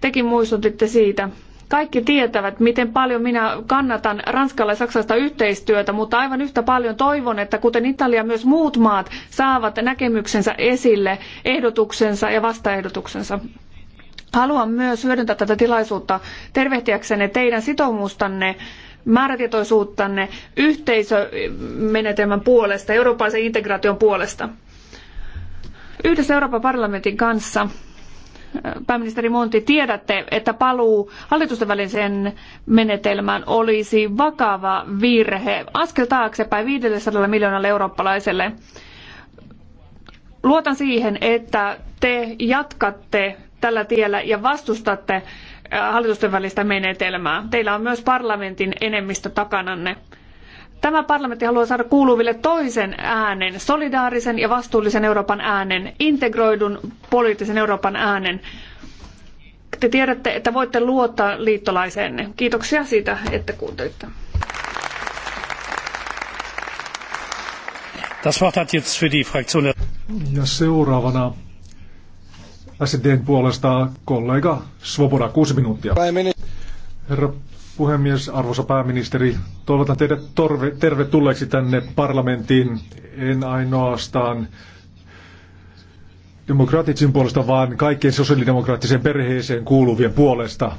Tekin muistutitte siitä. Kaikki tietävät, miten paljon minä kannatan ranskalais ja saksalaista yhteistyötä, mutta aivan yhtä paljon toivon, että kuten Italia, myös muut maat saavat näkemyksensä esille, ehdotuksensa ja vastaehdotuksensa. Haluan myös hyödyntää tätä tilaisuutta tervehtiäksenne teidän sitoumustanne määrätietoisuuttanne yhteisömenetelmän puolesta, eurooppalaisen integraation puolesta. Yhdessä Euroopan parlamentin kanssa pääministeri Monti, tiedätte, että paluu hallitusten väliseen menetelmään olisi vakava virhe. Askel taaksepäin 500 miljoonalle eurooppalaiselle. Luotan siihen, että te jatkatte tällä tiellä ja vastustatte äh, hallitusten välistä menetelmää. Teillä on myös parlamentin enemmistö takananne. Tämä parlamentti haluaa saada kuuluville toisen äänen, solidaarisen ja vastuullisen Euroopan äänen, integroidun poliittisen Euroopan äänen. Te tiedätte, että voitte luottaa liittolaiseenne. Kiitoksia siitä, että kuuntelitte. Das Wort hat jetzt für die Fraktion. Ja seuraavana SDn puolesta kollega Svoboda, kuusi minuuttia. Herra puhemies, arvoisa pääministeri, toivotan teidät torve, tervetulleeksi tänne parlamenttiin, en ainoastaan demokraattisen puolesta, vaan kaikkien sosiaalidemokraattiseen perheeseen kuuluvien puolesta.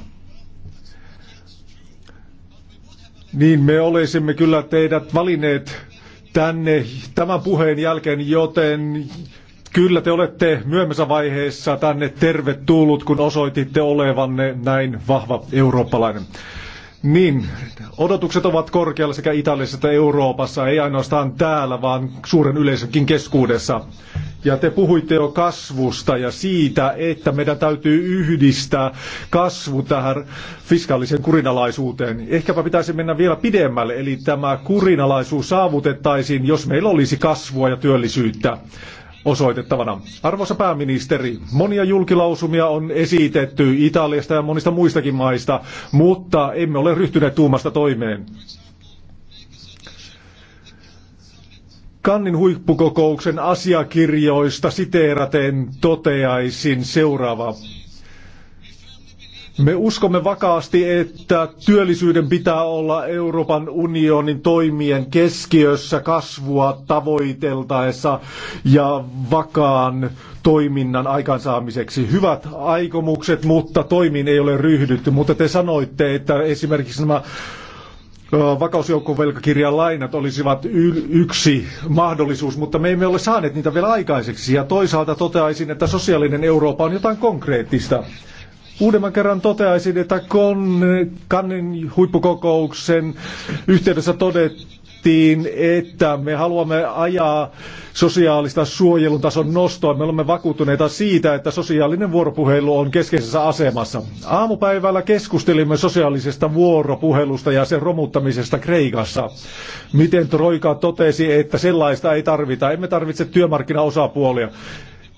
Niin me olisimme kyllä teidät valinneet tänne tämän puheen jälkeen, joten Kyllä te olette myöhemmässä vaiheessa tänne tervetullut, kun osoititte olevanne näin vahva eurooppalainen. Niin, odotukset ovat korkealla sekä Italiassa että Euroopassa, ei ainoastaan täällä, vaan suuren yleisönkin keskuudessa. Ja te puhuitte jo kasvusta ja siitä, että meidän täytyy yhdistää kasvu tähän fiskaaliseen kurinalaisuuteen. Ehkäpä pitäisi mennä vielä pidemmälle, eli tämä kurinalaisuus saavutettaisiin, jos meillä olisi kasvua ja työllisyyttä osoitettavana. Arvoisa pääministeri, monia julkilausumia on esitetty Italiasta ja monista muistakin maista, mutta emme ole ryhtyneet tuumasta toimeen. Kannin huippukokouksen asiakirjoista siteeraten toteaisin seuraavaa. Me uskomme vakaasti, että työllisyyden pitää olla Euroopan unionin toimien keskiössä kasvua tavoiteltaessa ja vakaan toiminnan aikaansaamiseksi. Hyvät aikomukset, mutta toimiin ei ole ryhdytty. Mutta te sanoitte, että esimerkiksi nämä vakausjoukkovelkakirjan lainat olisivat yksi mahdollisuus, mutta me emme ole saaneet niitä vielä aikaiseksi. Ja toisaalta toteaisin, että sosiaalinen Eurooppa on jotain konkreettista. Uudemman kerran toteaisin, että Kannen huippukokouksen yhteydessä todettiin, että me haluamme ajaa sosiaalista suojelun tason nostoa. Me olemme vakuuttuneita siitä, että sosiaalinen vuoropuhelu on keskeisessä asemassa. Aamupäivällä keskustelimme sosiaalisesta vuoropuhelusta ja sen romuttamisesta Kreikassa. Miten Troika totesi, että sellaista ei tarvita. Emme tarvitse työmarkkinaosapuolia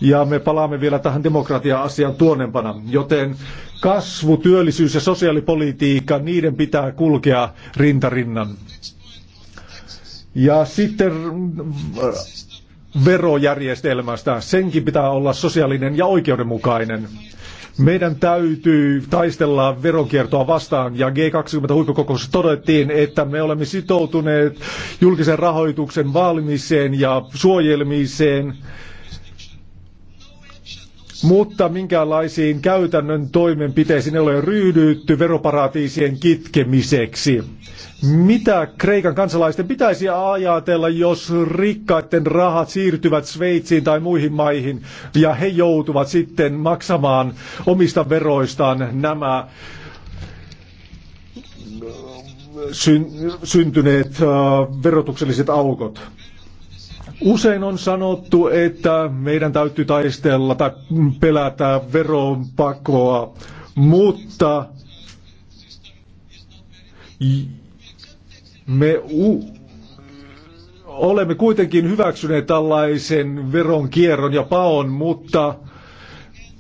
ja me palaamme vielä tähän demokratia-asiaan tuonempana. Joten kasvu, työllisyys ja sosiaalipolitiikka, niiden pitää kulkea rintarinnan. Ja sitten äh, verojärjestelmästä, senkin pitää olla sosiaalinen ja oikeudenmukainen. Meidän täytyy taistella veronkiertoa vastaan ja G20-huippukokouksessa todettiin, että me olemme sitoutuneet julkisen rahoituksen valmiseen ja suojelmiseen mutta minkälaisiin käytännön toimenpiteisiin ei ole ryhdytty veroparatiisien kitkemiseksi. Mitä Kreikan kansalaisten pitäisi ajatella, jos rikkaiden rahat siirtyvät Sveitsiin tai muihin maihin ja he joutuvat sitten maksamaan omista veroistaan nämä syntyneet äh, verotukselliset aukot? Usein on sanottu, että meidän täytyy taistella tai pelätä veronpakoa, mutta me olemme kuitenkin hyväksyneet tällaisen veronkierron ja paon, mutta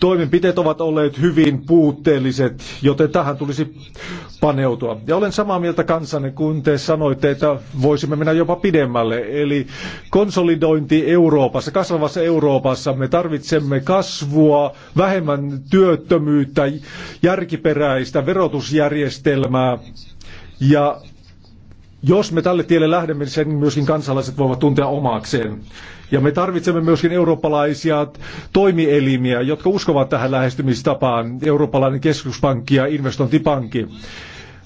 toimenpiteet ovat olleet hyvin puutteelliset, joten tähän tulisi paneutua. Ja olen samaa mieltä kansanne, kun te sanoitte, että voisimme mennä jopa pidemmälle. Eli konsolidointi Euroopassa, kasvavassa Euroopassa, me tarvitsemme kasvua, vähemmän työttömyyttä, järkiperäistä verotusjärjestelmää ja jos me tälle tielle lähdemme, sen myöskin kansalaiset voivat tuntea omakseen. Ja me tarvitsemme myöskin eurooppalaisia toimielimiä, jotka uskovat tähän lähestymistapaan, eurooppalainen keskuspankki ja investointipankki.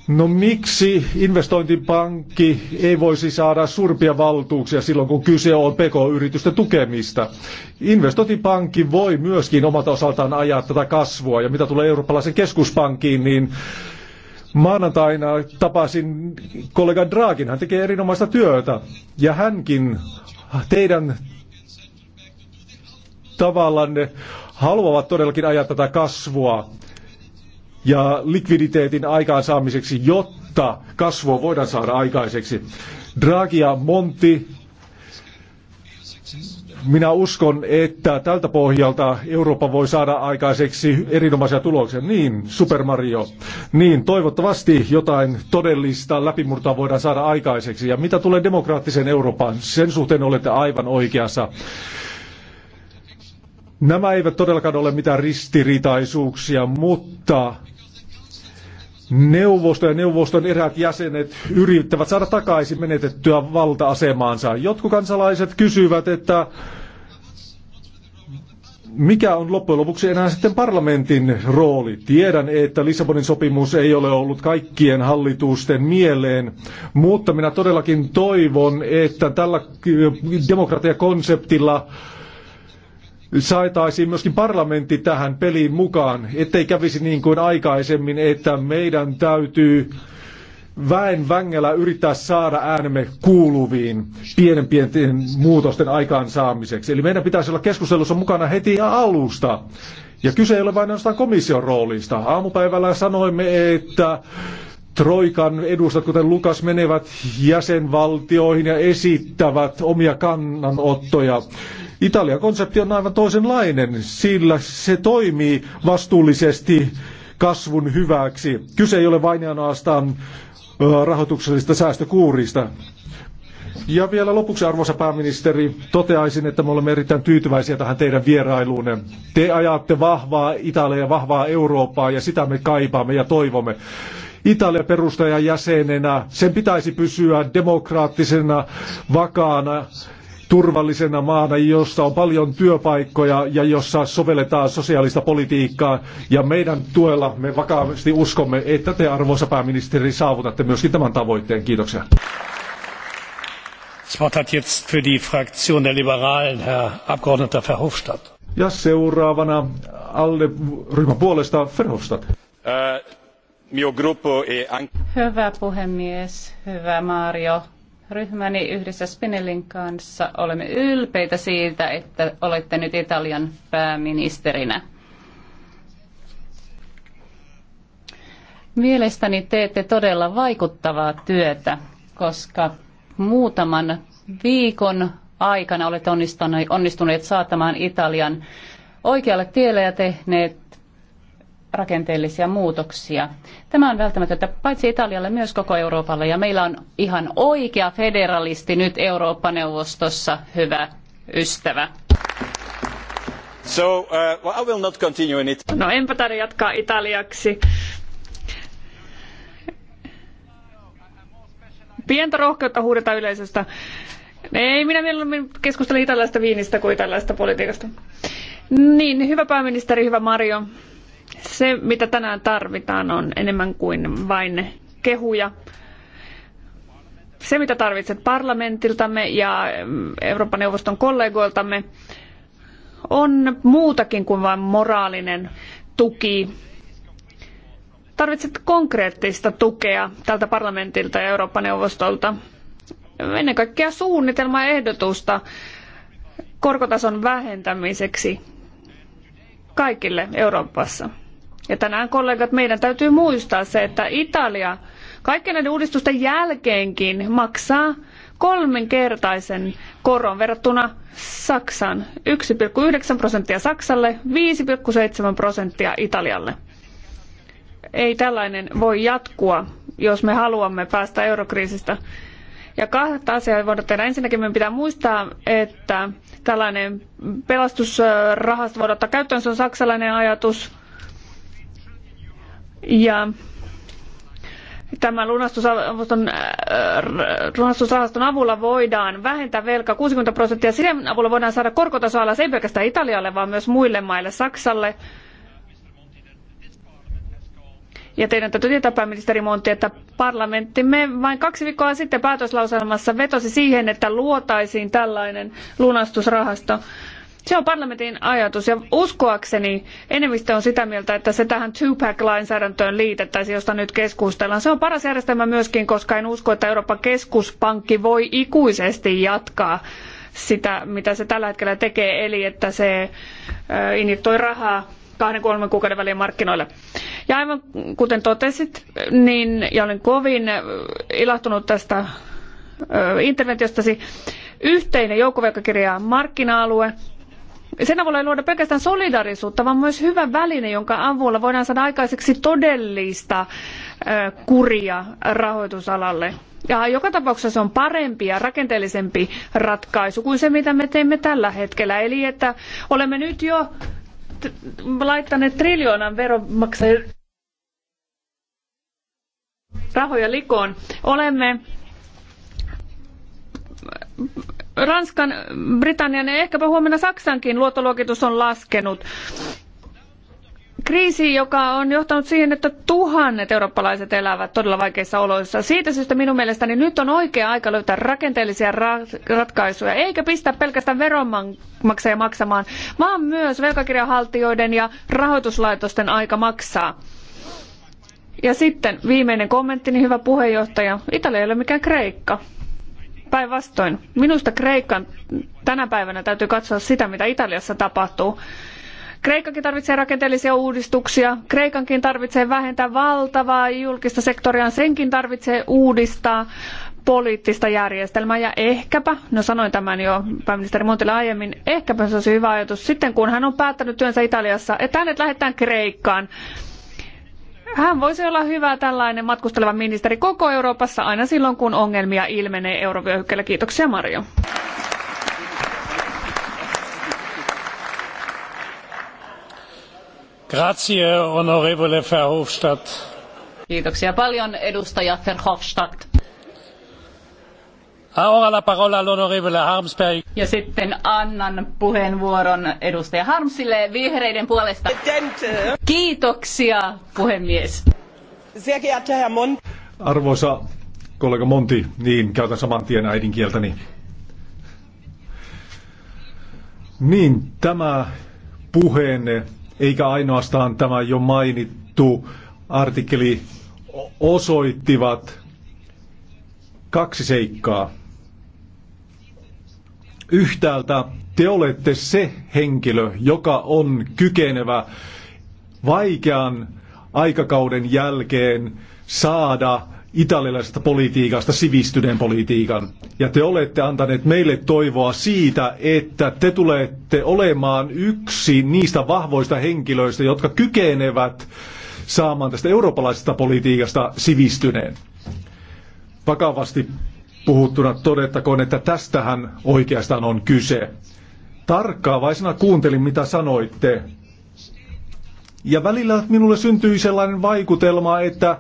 No miksi investointipankki ei voisi saada suurempia valtuuksia silloin, kun kyse on PK-yritysten tukemista? Investointipankki voi myöskin omalta osaltaan ajaa tätä kasvua. Ja mitä tulee eurooppalaisen keskuspankkiin, niin Maanantaina tapasin kollega Draakin, hän tekee erinomaista työtä ja hänkin teidän tavallanne haluavat todellakin ajaa tätä kasvua ja likviditeetin aikaansaamiseksi, jotta kasvua voidaan saada aikaiseksi. Draghi ja Monti minä uskon, että tältä pohjalta Eurooppa voi saada aikaiseksi erinomaisia tuloksia. Niin, Super Mario. Niin, toivottavasti jotain todellista läpimurtoa voidaan saada aikaiseksi. Ja mitä tulee demokraattiseen Eurooppaan, sen suhteen olette aivan oikeassa. Nämä eivät todellakaan ole mitään ristiriitaisuuksia, mutta neuvosto ja neuvoston eräät jäsenet yrittävät saada takaisin menetettyä valta-asemaansa. Jotkut kansalaiset kysyvät, että mikä on loppujen lopuksi enää sitten parlamentin rooli? Tiedän, että Lissabonin sopimus ei ole ollut kaikkien hallitusten mieleen, mutta minä todellakin toivon, että tällä demokratiakonseptilla konseptilla saataisiin myöskin parlamentti tähän peliin mukaan, ettei kävisi niin kuin aikaisemmin, että meidän täytyy väen vängellä yrittää saada äänemme kuuluviin pienen pienten muutosten aikaansaamiseksi. Eli meidän pitäisi olla keskustelussa mukana heti alusta. Ja kyse ei ole vain ainoastaan komission roolista. Aamupäivällä sanoimme, että Troikan edustajat, kuten Lukas, menevät jäsenvaltioihin ja esittävät omia kannanottoja. Italian konsepti on aivan toisenlainen, sillä se toimii vastuullisesti kasvun hyväksi. Kyse ei ole vain ainoastaan rahoituksellisista säästökuurista. Ja vielä lopuksi, arvoisa pääministeri, toteaisin, että me olemme erittäin tyytyväisiä tähän teidän vierailuunne. Te ajatte vahvaa Italiaa ja vahvaa Eurooppaa ja sitä me kaipaamme ja toivomme. Italia perustajan jäsenenä, sen pitäisi pysyä demokraattisena, vakaana turvallisena maana, jossa on paljon työpaikkoja ja jossa sovelletaan sosiaalista politiikkaa. Ja meidän tuella me vakavasti uskomme, että te arvoisa pääministeri saavutatte myöskin tämän tavoitteen. Kiitoksia. Verhofstadt. Ja seuraavana alle ryhmän puolesta Verhofstadt. Äh, hyvä puhemies, hyvä Mario Ryhmäni yhdessä Spinellin kanssa olemme ylpeitä siitä, että olette nyt Italian pääministerinä. Mielestäni teette todella vaikuttavaa työtä, koska muutaman viikon aikana olette onnistuneet saattamaan Italian oikealle tielle ja tehneet rakenteellisia muutoksia. Tämä on välttämätöntä paitsi Italialle myös koko Euroopalle ja meillä on ihan oikea federalisti nyt Eurooppa-neuvostossa, hyvä ystävä. So, uh, I will not continue in it. No enpä tarvitse jatkaa italiaksi. Pientä rohkeutta huudeta yleisöstä. Ei, minä mieluummin keskustelen italaista viinistä kuin italaista politiikasta. Niin, hyvä pääministeri, hyvä Mario. Se, mitä tänään tarvitaan, on enemmän kuin vain kehuja. Se, mitä tarvitset parlamentiltamme ja Euroopan neuvoston kollegoiltamme, on muutakin kuin vain moraalinen tuki. Tarvitset konkreettista tukea tältä parlamentilta ja Euroopan neuvostolta. Ennen kaikkea suunnitelma ehdotusta korkotason vähentämiseksi kaikille Euroopassa. Ja tänään kollegat, meidän täytyy muistaa se, että Italia kaikkien näiden uudistusten jälkeenkin maksaa kolmenkertaisen koron verrattuna Saksaan. 1,9 prosenttia Saksalle, 5,7 prosenttia Italialle. Ei tällainen voi jatkua, jos me haluamme päästä eurokriisistä. Ja kahta asiaa ei voida tehdä. Ensinnäkin meidän pitää muistaa, että tällainen pelastusrahasto voidaan ottaa käyttöön. Se on saksalainen ajatus ja tämän lunastusrahaston, äh, lunastusrahaston avulla voidaan vähentää velka 60 prosenttia. Sen avulla voidaan saada korkotaso alas ei pelkästään Italialle, vaan myös muille maille, Saksalle. Ja teidän täytyy tietää, pääministeri Monti, että parlamenttimme vain kaksi viikkoa sitten päätöslauselmassa vetosi siihen, että luotaisiin tällainen lunastusrahasto. Se on parlamentin ajatus ja uskoakseni enemmistö on sitä mieltä, että se tähän two-pack-lainsäädäntöön liitettäisiin, josta nyt keskustellaan. Se on paras järjestelmä myöskin, koska en usko, että Euroopan keskuspankki voi ikuisesti jatkaa sitä, mitä se tällä hetkellä tekee, eli että se injektoi rahaa kahden kolmen kuukauden välein markkinoille. Ja aivan kuten totesit, niin, ja olen kovin ilahtunut tästä interventiostasi, siis yhteinen joukkovelkakirja markkina-alue, sen avulla ei luoda pelkästään solidaarisuutta, vaan myös hyvä väline, jonka avulla voidaan saada aikaiseksi todellista kuria rahoitusalalle. Ja joka tapauksessa se on parempi ja rakenteellisempi ratkaisu kuin se, mitä me teemme tällä hetkellä. Eli että olemme nyt jo laittaneet triljoonan veronmaksajien rahoja likoon. Olemme Ranskan, Britannian ja ehkäpä huomenna Saksankin luottoluokitus on laskenut. Kriisi, joka on johtanut siihen, että tuhannet eurooppalaiset elävät todella vaikeissa oloissa. Siitä syystä minun mielestäni nyt on oikea aika löytää rakenteellisia ratkaisuja, eikä pistää pelkästään veronmaksajia maksamaan, vaan myös velkakirjahaltijoiden ja rahoituslaitosten aika maksaa. Ja sitten viimeinen kommenttini, hyvä puheenjohtaja. Italia ei ole mikään Kreikka. Päinvastoin, minusta Kreikan tänä päivänä täytyy katsoa sitä, mitä Italiassa tapahtuu. Kreikkakin tarvitsee rakenteellisia uudistuksia, Kreikankin tarvitsee vähentää valtavaa julkista sektoriaan, senkin tarvitsee uudistaa poliittista järjestelmää ja ehkäpä, no sanoin tämän jo pääministeri Montille aiemmin, ehkäpä se olisi hyvä ajatus sitten, kun hän on päättänyt työnsä Italiassa, että hänet lähdetään Kreikkaan hän voisi olla hyvä tällainen matkusteleva ministeri koko Euroopassa aina silloin, kun ongelmia ilmenee eurovyöhykkeellä. Kiitoksia Mario. Grazie, onorevole Verhofstadt. Kiitoksia paljon edustaja Verhofstadt. Ja sitten annan puheenvuoron edustaja Harmsille vihreiden puolesta. Kiitoksia, puhemies. Arvoisa kollega Monti, niin käytän saman tien äidinkieltäni. Niin, tämä puheenne, eikä ainoastaan tämä jo mainittu artikkeli, osoittivat kaksi seikkaa. Yhtäältä te olette se henkilö, joka on kykenevä vaikean aikakauden jälkeen saada italialaisesta politiikasta sivistyneen politiikan. Ja te olette antaneet meille toivoa siitä, että te tulette olemaan yksi niistä vahvoista henkilöistä, jotka kykenevät saamaan tästä eurooppalaisesta politiikasta sivistyneen. Vakavasti puhuttuna todettakoon, että tästähän oikeastaan on kyse. Tarkkaavaisena kuuntelin, mitä sanoitte. Ja välillä minulle syntyi sellainen vaikutelma, että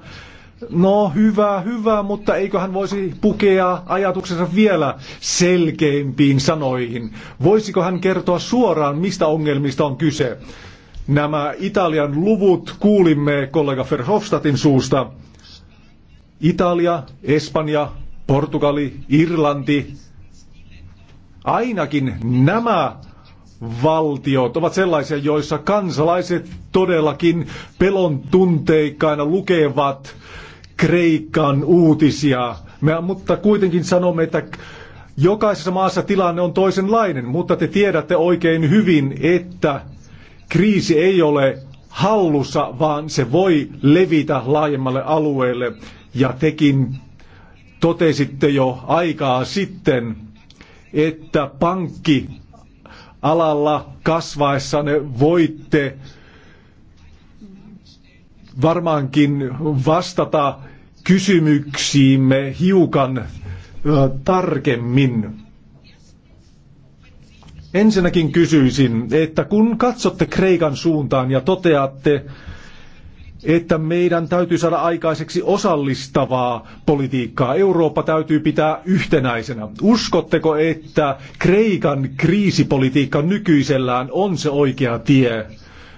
no hyvä, hyvä, mutta eiköhän voisi pukea ajatuksensa vielä selkeimpiin sanoihin. Voisiko hän kertoa suoraan, mistä ongelmista on kyse? Nämä Italian luvut kuulimme kollega Verhofstadtin suusta. Italia, Espanja, Portugali, Irlanti, ainakin nämä valtiot ovat sellaisia, joissa kansalaiset todellakin pelon tunteikkaina lukevat Kreikan uutisia. Me, mutta kuitenkin sanomme, että jokaisessa maassa tilanne on toisenlainen, mutta te tiedätte oikein hyvin, että kriisi ei ole hallussa, vaan se voi levitä laajemmalle alueelle. Ja tekin totesitte jo aikaa sitten, että pankki kasvaessa ne voitte varmaankin vastata kysymyksiimme hiukan tarkemmin. Ensinnäkin kysyisin, että kun katsotte Kreikan suuntaan ja toteatte, että meidän täytyy saada aikaiseksi osallistavaa politiikkaa. Eurooppa täytyy pitää yhtenäisenä. Uskotteko, että Kreikan kriisipolitiikka nykyisellään on se oikea tie?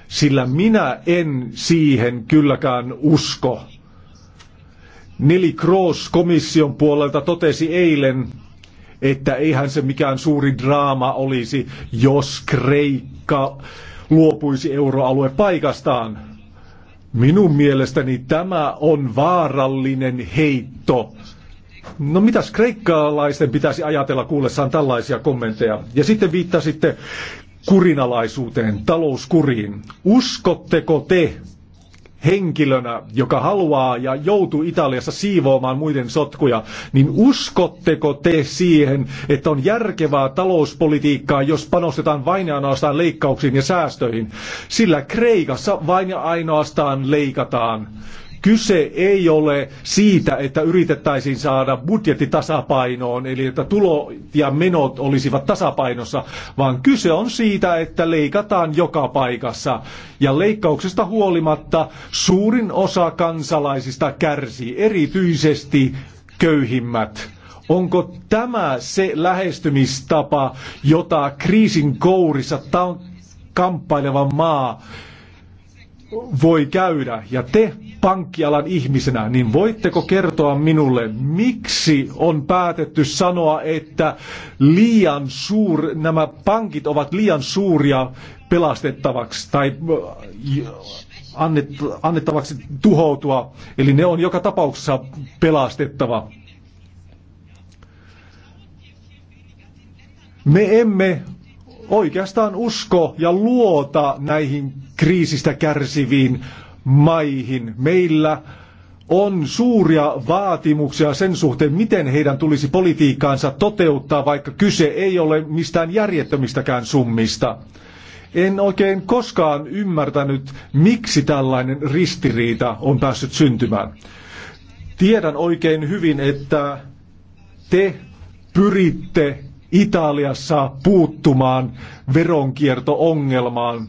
Sillä minä en siihen kylläkään usko. Neli Kroos komission puolelta totesi eilen, että eihän se mikään suuri draama olisi, jos Kreikka luopuisi euroalue paikastaan. Minun mielestäni tämä on vaarallinen heitto. No mitäs kreikkalaisten pitäisi ajatella kuullessaan tällaisia kommentteja? Ja sitten viittasitte kurinalaisuuteen, talouskuriin. Uskotteko te, henkilönä, joka haluaa ja joutuu Italiassa siivoamaan muiden sotkuja, niin uskotteko te siihen, että on järkevää talouspolitiikkaa, jos panostetaan vain ja ainoastaan leikkauksiin ja säästöihin? Sillä Kreikassa vain ja ainoastaan leikataan. Kyse ei ole siitä, että yritettäisiin saada budjetti tasapainoon, eli että tulot ja menot olisivat tasapainossa, vaan kyse on siitä, että leikataan joka paikassa. Ja leikkauksesta huolimatta suurin osa kansalaisista kärsii, erityisesti köyhimmät. Onko tämä se lähestymistapa, jota kriisin kourissa kamppaileva maa voi käydä? Ja te pankkialan ihmisenä, niin voitteko kertoa minulle, miksi on päätetty sanoa, että liian suur, nämä pankit ovat liian suuria pelastettavaksi tai äh, annettavaksi tuhoutua, eli ne on joka tapauksessa pelastettava. Me emme oikeastaan usko ja luota näihin kriisistä kärsiviin maihin. Meillä on suuria vaatimuksia sen suhteen, miten heidän tulisi politiikkaansa toteuttaa, vaikka kyse ei ole mistään järjettömistäkään summista. En oikein koskaan ymmärtänyt, miksi tällainen ristiriita on päässyt syntymään. Tiedän oikein hyvin, että te pyritte Italiassa puuttumaan veronkierto-ongelmaan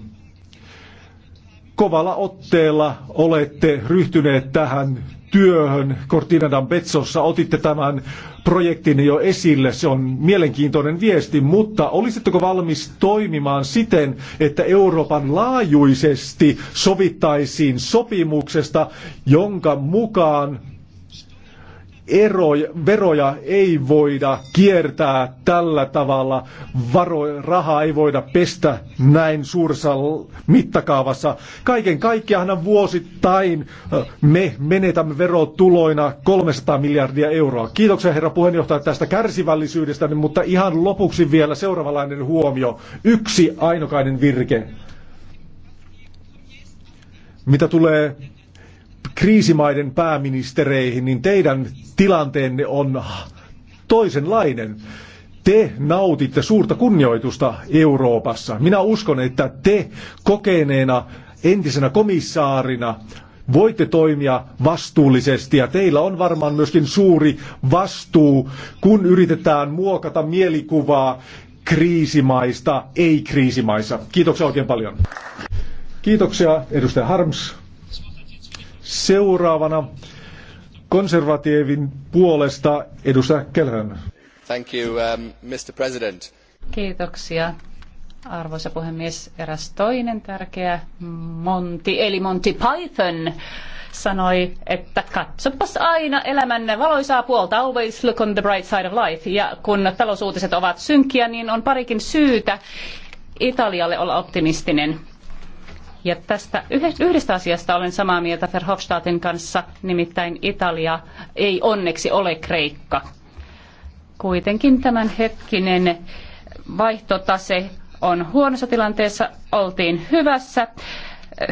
kovalla otteella olette ryhtyneet tähän työhön. Cortinadan Betsossa otitte tämän projektin jo esille. Se on mielenkiintoinen viesti, mutta olisitteko valmis toimimaan siten, että Euroopan laajuisesti sovittaisiin sopimuksesta, jonka mukaan eroja, veroja ei voida kiertää tällä tavalla, varo, rahaa ei voida pestä näin suuressa mittakaavassa. Kaiken kaikkiaan vuosittain me menetämme verotuloina 300 miljardia euroa. Kiitoksia herra puheenjohtaja tästä kärsivällisyydestä, niin, mutta ihan lopuksi vielä seuraavanlainen huomio. Yksi ainokainen virke. Mitä tulee kriisimaiden pääministereihin, niin teidän tilanteenne on toisenlainen. Te nautitte suurta kunnioitusta Euroopassa. Minä uskon, että te kokeneena entisenä komissaarina voitte toimia vastuullisesti ja teillä on varmaan myöskin suuri vastuu, kun yritetään muokata mielikuvaa kriisimaista ei-kriisimaissa. Kiitoksia oikein paljon. Kiitoksia edustaja Harms. Seuraavana konservatiivin puolesta edustaja Kelhön. Thank you, um, Mr. President. Kiitoksia. Arvoisa puhemies, eräs toinen tärkeä Monty, eli Monty Python, sanoi, että katsopas aina elämänne valoisaa puolta, always look on the bright side of life. Ja kun talousuutiset ovat synkkiä, niin on parikin syytä Italialle olla optimistinen. Ja tästä yhdestä asiasta olen samaa mieltä Verhofstadtin kanssa, nimittäin Italia ei onneksi ole Kreikka. Kuitenkin tämänhetkinen vaihtotase on huonossa tilanteessa, oltiin hyvässä,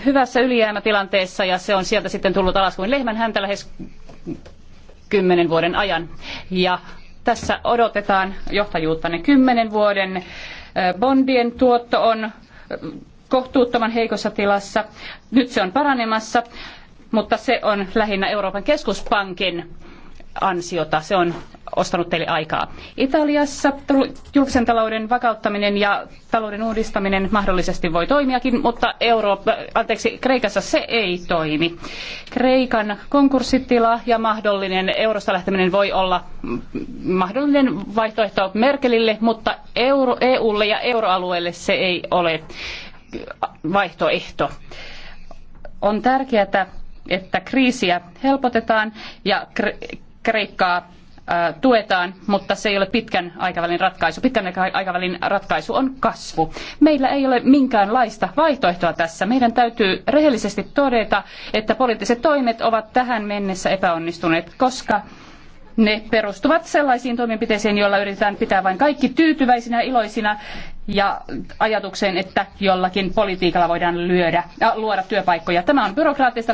hyvässä ylijäämätilanteessa ja se on sieltä sitten tullut alas kuin lehmän häntä lähes kymmenen vuoden ajan. Ja tässä odotetaan johtajuuttanne kymmenen vuoden bondien tuotto on kohtuuttoman heikossa tilassa. Nyt se on paranemassa, mutta se on lähinnä Euroopan keskuspankin ansiota. Se on ostanut teille aikaa. Italiassa julkisen talouden vakauttaminen ja talouden uudistaminen mahdollisesti voi toimiakin, mutta Eurooppa, anteeksi, Kreikassa se ei toimi. Kreikan konkurssitila ja mahdollinen eurosta lähteminen voi olla mahdollinen vaihtoehto Merkelille, mutta EUlle ja euroalueelle se ei ole vaihtoehto. On tärkeää, että kriisiä helpotetaan ja Kreikkaa tuetaan, mutta se ei ole pitkän aikavälin ratkaisu. Pitkän aikavälin ratkaisu on kasvu. Meillä ei ole minkäänlaista vaihtoehtoa tässä. Meidän täytyy rehellisesti todeta, että poliittiset toimet ovat tähän mennessä epäonnistuneet, koska ne perustuvat sellaisiin toimenpiteisiin, joilla yritetään pitää vain kaikki tyytyväisinä ja iloisina ja ajatukseen, että jollakin politiikalla voidaan lyödä, äh, luoda työpaikkoja. Tämä on byrokraattista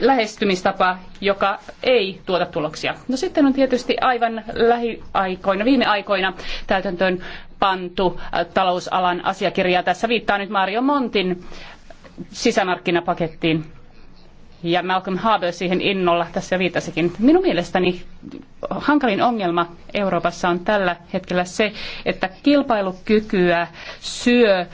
lähestymistapa, joka ei tuota tuloksia. No sitten on tietysti aivan lähiaikoina, viime aikoina täytäntöön pantu äh, talousalan asiakirja. Tässä viittaa nyt Mario Montin sisämarkkinapakettiin ja Malcolm Harbour siihen innolla tässä viitasikin. Minun mielestäni hankalin ongelma Euroopassa on tällä hetkellä se, että kilpailukykyä syö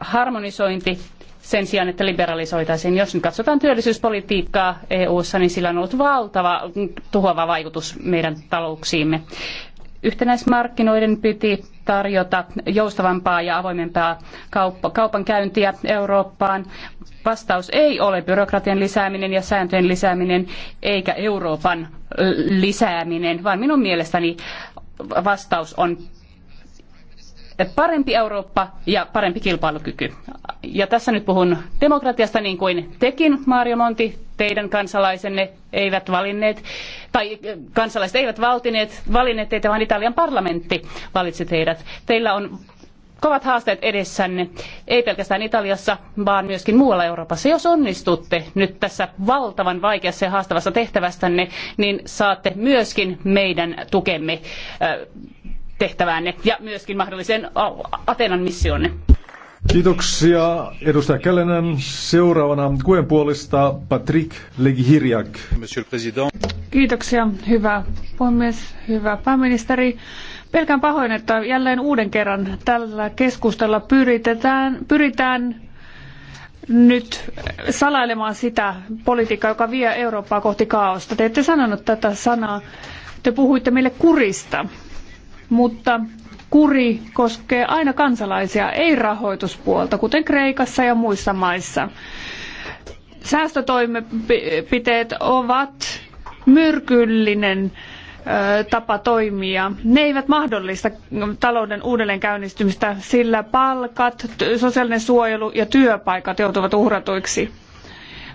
harmonisointi sen sijaan, että liberalisoitaisiin. Jos nyt katsotaan työllisyyspolitiikkaa EU-ssa, niin sillä on ollut valtava tuhoava vaikutus meidän talouksiimme. Yhtenäismarkkinoiden piti tarjota joustavampaa ja avoimempaa kaupankäyntiä Eurooppaan. Vastaus ei ole byrokratian lisääminen ja sääntöjen lisääminen eikä Euroopan lisääminen, vaan minun mielestäni vastaus on parempi Eurooppa ja parempi kilpailukyky. Ja tässä nyt puhun demokratiasta niin kuin tekin, Mario Monti, teidän kansalaisenne eivät valinneet, tai eh, kansalaiset eivät valtineet, valinneet teitä, vaan Italian parlamentti valitsi teidät. Teillä on kovat haasteet edessänne, ei pelkästään Italiassa, vaan myöskin muualla Euroopassa. Jos onnistutte nyt tässä valtavan vaikeassa ja haastavassa tehtävästänne, niin saatte myöskin meidän tukemme eh, tehtäväänne ja myöskin mahdolliseen Atenan missioonne. Kiitoksia edustaja Källenen. Seuraavana kuen puolesta Patrick Legihirjak. Monsieur President. Kiitoksia, hyvä puhemies, hyvä pääministeri. Pelkään pahoin, että jälleen uuden kerran tällä keskustella pyritetään, pyritään nyt salailemaan sitä politiikkaa, joka vie Eurooppaa kohti kaaosta. Te ette sanonut tätä sanaa. Te puhuitte meille kurista mutta kuri koskee aina kansalaisia, ei rahoituspuolta, kuten Kreikassa ja muissa maissa. Säästötoimenpiteet ovat myrkyllinen tapa toimia. Ne eivät mahdollista talouden uudelleenkäynnistymistä, sillä palkat, sosiaalinen suojelu ja työpaikat joutuvat uhratuiksi.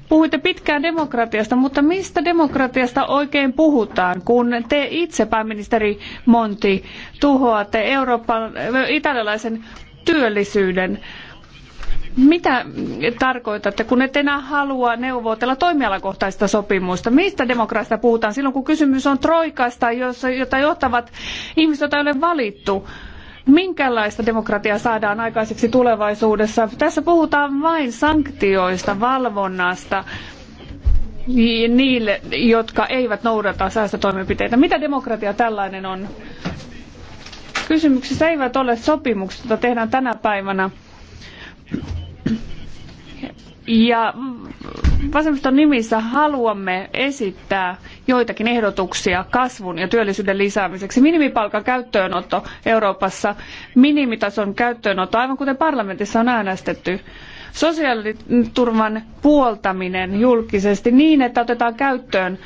Puhuitte pitkään demokratiasta, mutta mistä demokratiasta oikein puhutaan, kun te itse, pääministeri Monti, tuhoatte Euroopan, äh, italialaisen työllisyyden? Mitä tarkoitatte, kun et enää halua neuvotella toimialakohtaista sopimusta? Mistä demokratiasta puhutaan silloin, kun kysymys on troikasta, jossa, jota johtavat ihmiset, joita ei ole valittu? minkälaista demokratiaa saadaan aikaiseksi tulevaisuudessa. Tässä puhutaan vain sanktioista, valvonnasta niille, jotka eivät noudata säästötoimenpiteitä. Mitä demokratia tällainen on? Kysymyksessä eivät ole sopimukset, joita tehdään tänä päivänä ja vasemmiston nimissä haluamme esittää joitakin ehdotuksia kasvun ja työllisyyden lisäämiseksi. Minimipalkan käyttöönotto Euroopassa, minimitason käyttöönotto, aivan kuten parlamentissa on äänestetty. Sosiaaliturvan puoltaminen julkisesti niin, että otetaan käyttöön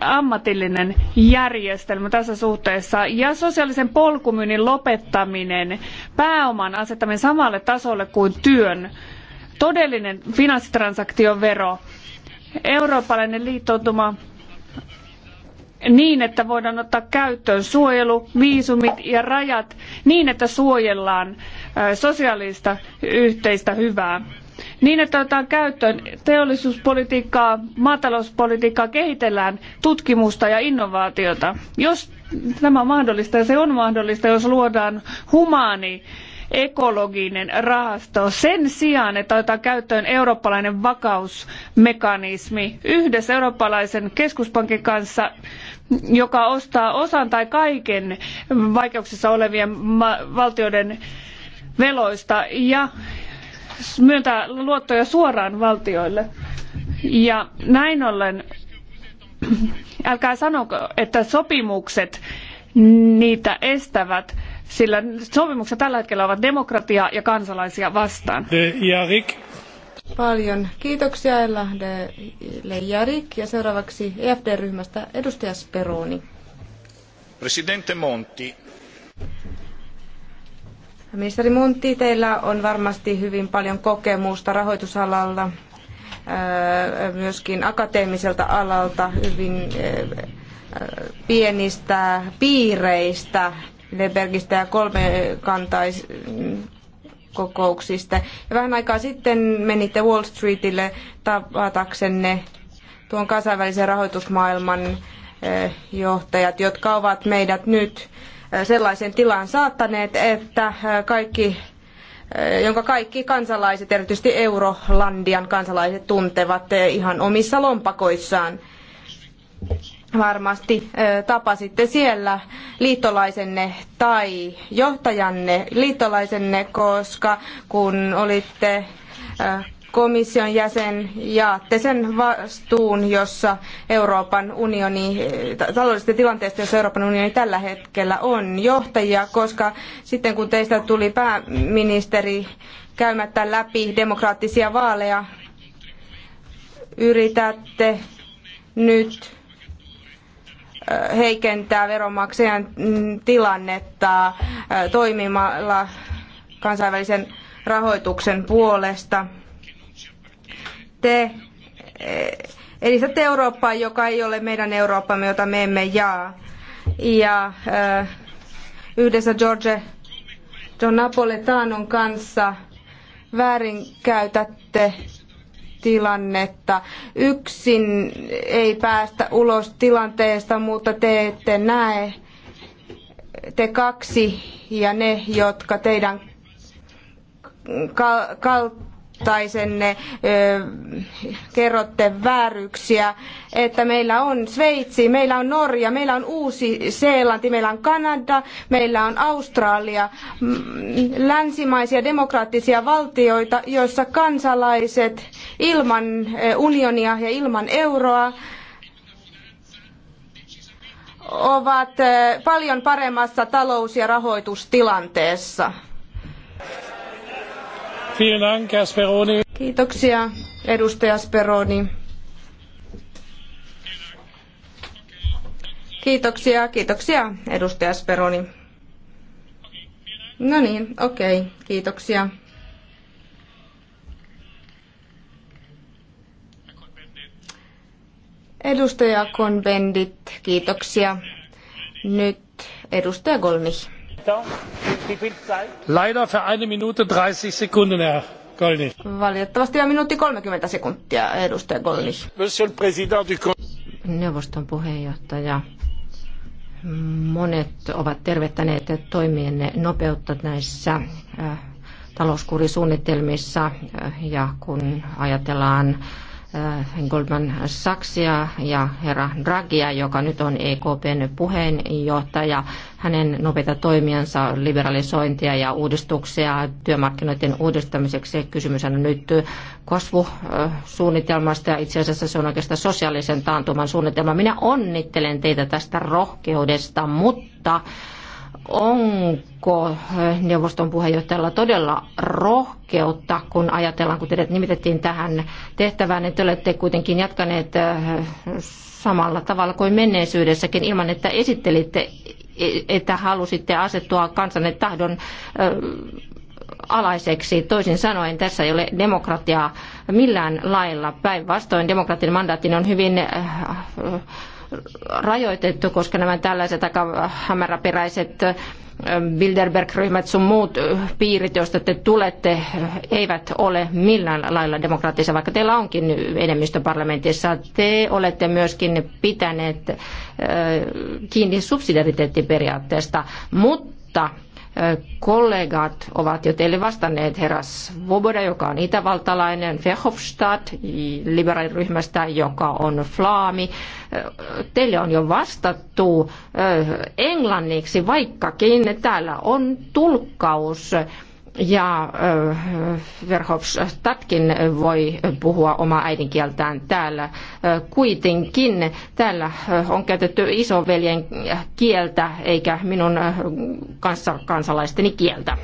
ammatillinen järjestelmä tässä suhteessa ja sosiaalisen polkumyynnin lopettaminen, pääoman asettaminen samalle tasolle kuin työn todellinen finanssitransaktiovero, eurooppalainen liittoutuma niin, että voidaan ottaa käyttöön suojelu, viisumit ja rajat niin, että suojellaan sosiaalista yhteistä hyvää. Niin, että otetaan käyttöön teollisuuspolitiikkaa, maatalouspolitiikkaa, kehitellään tutkimusta ja innovaatiota. Jos tämä on mahdollista, ja se on mahdollista, jos luodaan humaani ekologinen rahasto sen sijaan, että otetaan käyttöön eurooppalainen vakausmekanismi yhdessä eurooppalaisen keskuspankin kanssa, joka ostaa osan tai kaiken vaikeuksissa olevien valtioiden veloista ja myöntää luottoja suoraan valtioille. Ja näin ollen, älkää sanoko, että sopimukset niitä estävät sillä sopimukset tällä hetkellä ovat demokratiaa ja kansalaisia vastaan. Jarik. Paljon kiitoksia Elahdelle Jarik ja seuraavaksi EFD-ryhmästä edustaja Speroni. Presidente Monti. Ministeri Monti, teillä on varmasti hyvin paljon kokemusta rahoitusalalla, äh, myöskin akateemiselta alalta, hyvin äh, äh, pienistä piireistä Lebergistä ja kolme kokouksista. Ja vähän aikaa sitten menitte Wall Streetille tavataksenne tuon kansainvälisen rahoitusmaailman eh, johtajat, jotka ovat meidät nyt eh, sellaisen tilaan saattaneet, että eh, kaikki jonka kaikki kansalaiset, erityisesti Eurolandian kansalaiset, tuntevat ihan omissa lompakoissaan varmasti tapasitte siellä liittolaisenne tai johtajanne liittolaisenne, koska kun olitte komission jäsen, jaatte sen vastuun, jossa Euroopan unioni, taloudellisesta tilanteesta, jossa Euroopan unioni tällä hetkellä on johtajia, koska sitten kun teistä tuli pääministeri käymättä läpi demokraattisia vaaleja, yritätte nyt heikentää veronmaksajan tilannetta toimimalla kansainvälisen rahoituksen puolesta. Te e, edistätte Eurooppaa, joka ei ole meidän Eurooppamme, jota me emme jaa. Ja yhdessä George John Napoletanon kanssa väärinkäytätte tilannetta. Yksin ei päästä ulos tilanteesta, mutta te ette näe te kaksi ja ne, jotka teidän kal- kal- taisenne kerrotte vääryksiä, että meillä on Sveitsi, meillä on Norja, meillä on Uusi-Seelanti, meillä on Kanada, meillä on Australia, länsimaisia demokraattisia valtioita, joissa kansalaiset ilman unionia ja ilman euroa ovat paljon paremmassa talous- ja rahoitustilanteessa. Kiitoksia, edustaja Speroni. Kiitoksia, kiitoksia, edustaja Speroni. No niin, okei, okay, kiitoksia. Edustaja Konbendit, kiitoksia. Nyt edustaja Golnich. Leider für eine Minute 30 Sekunden, Herr Gollnisch. Valitettavasti ja minuutti 30 sekuntia, edustaja Gollnisch. Monsieur le Président du Neuvoston puheenjohtaja, monet ovat tervettäneet toimienne nopeutta näissä äh, talouskurisuunnitelmissa äh, ja kun ajatellaan Äh, Goldman Sachsia ja herra Draghia, joka nyt on EKPn puheenjohtaja. Hänen nopeita toimiansa, liberalisointia ja uudistuksia työmarkkinoiden uudistamiseksi. Kysymys on nyt kasvusuunnitelmasta ja itse asiassa se on oikeastaan sosiaalisen taantuman suunnitelma. Minä onnittelen teitä tästä rohkeudesta, mutta onko neuvoston puheenjohtajalla todella rohkeutta, kun ajatellaan, kun teidät nimitettiin tähän tehtävään, että olette kuitenkin jatkaneet äh, samalla tavalla kuin menneisyydessäkin ilman, että esittelitte, e, että halusitte asettua kansanne tahdon äh, alaiseksi. Toisin sanoen tässä ei ole demokratiaa millään lailla. Päinvastoin demokratian mandaatin on hyvin äh, rajoitettu, koska nämä tällaiset aika hämäräperäiset Bilderberg-ryhmät sun muut piirit, joista te tulette, eivät ole millään lailla demokraattisia, vaikka teillä onkin enemmistö parlamentissa. Te olette myöskin pitäneet kiinni subsidiariteettiperiaatteesta, mutta kollegat ovat jo teille vastanneet herra Voboda, joka on itävaltalainen, Verhofstadt liberaaliryhmästä, joka on Flaami. Teille on jo vastattu englanniksi, vaikkakin täällä on tulkkaus ja Verhofstadtkin voi puhua omaa äidinkieltään täällä. Kuitenkin täällä on käytetty isoveljen kieltä eikä minun kanssa kansalaisteni kieltä.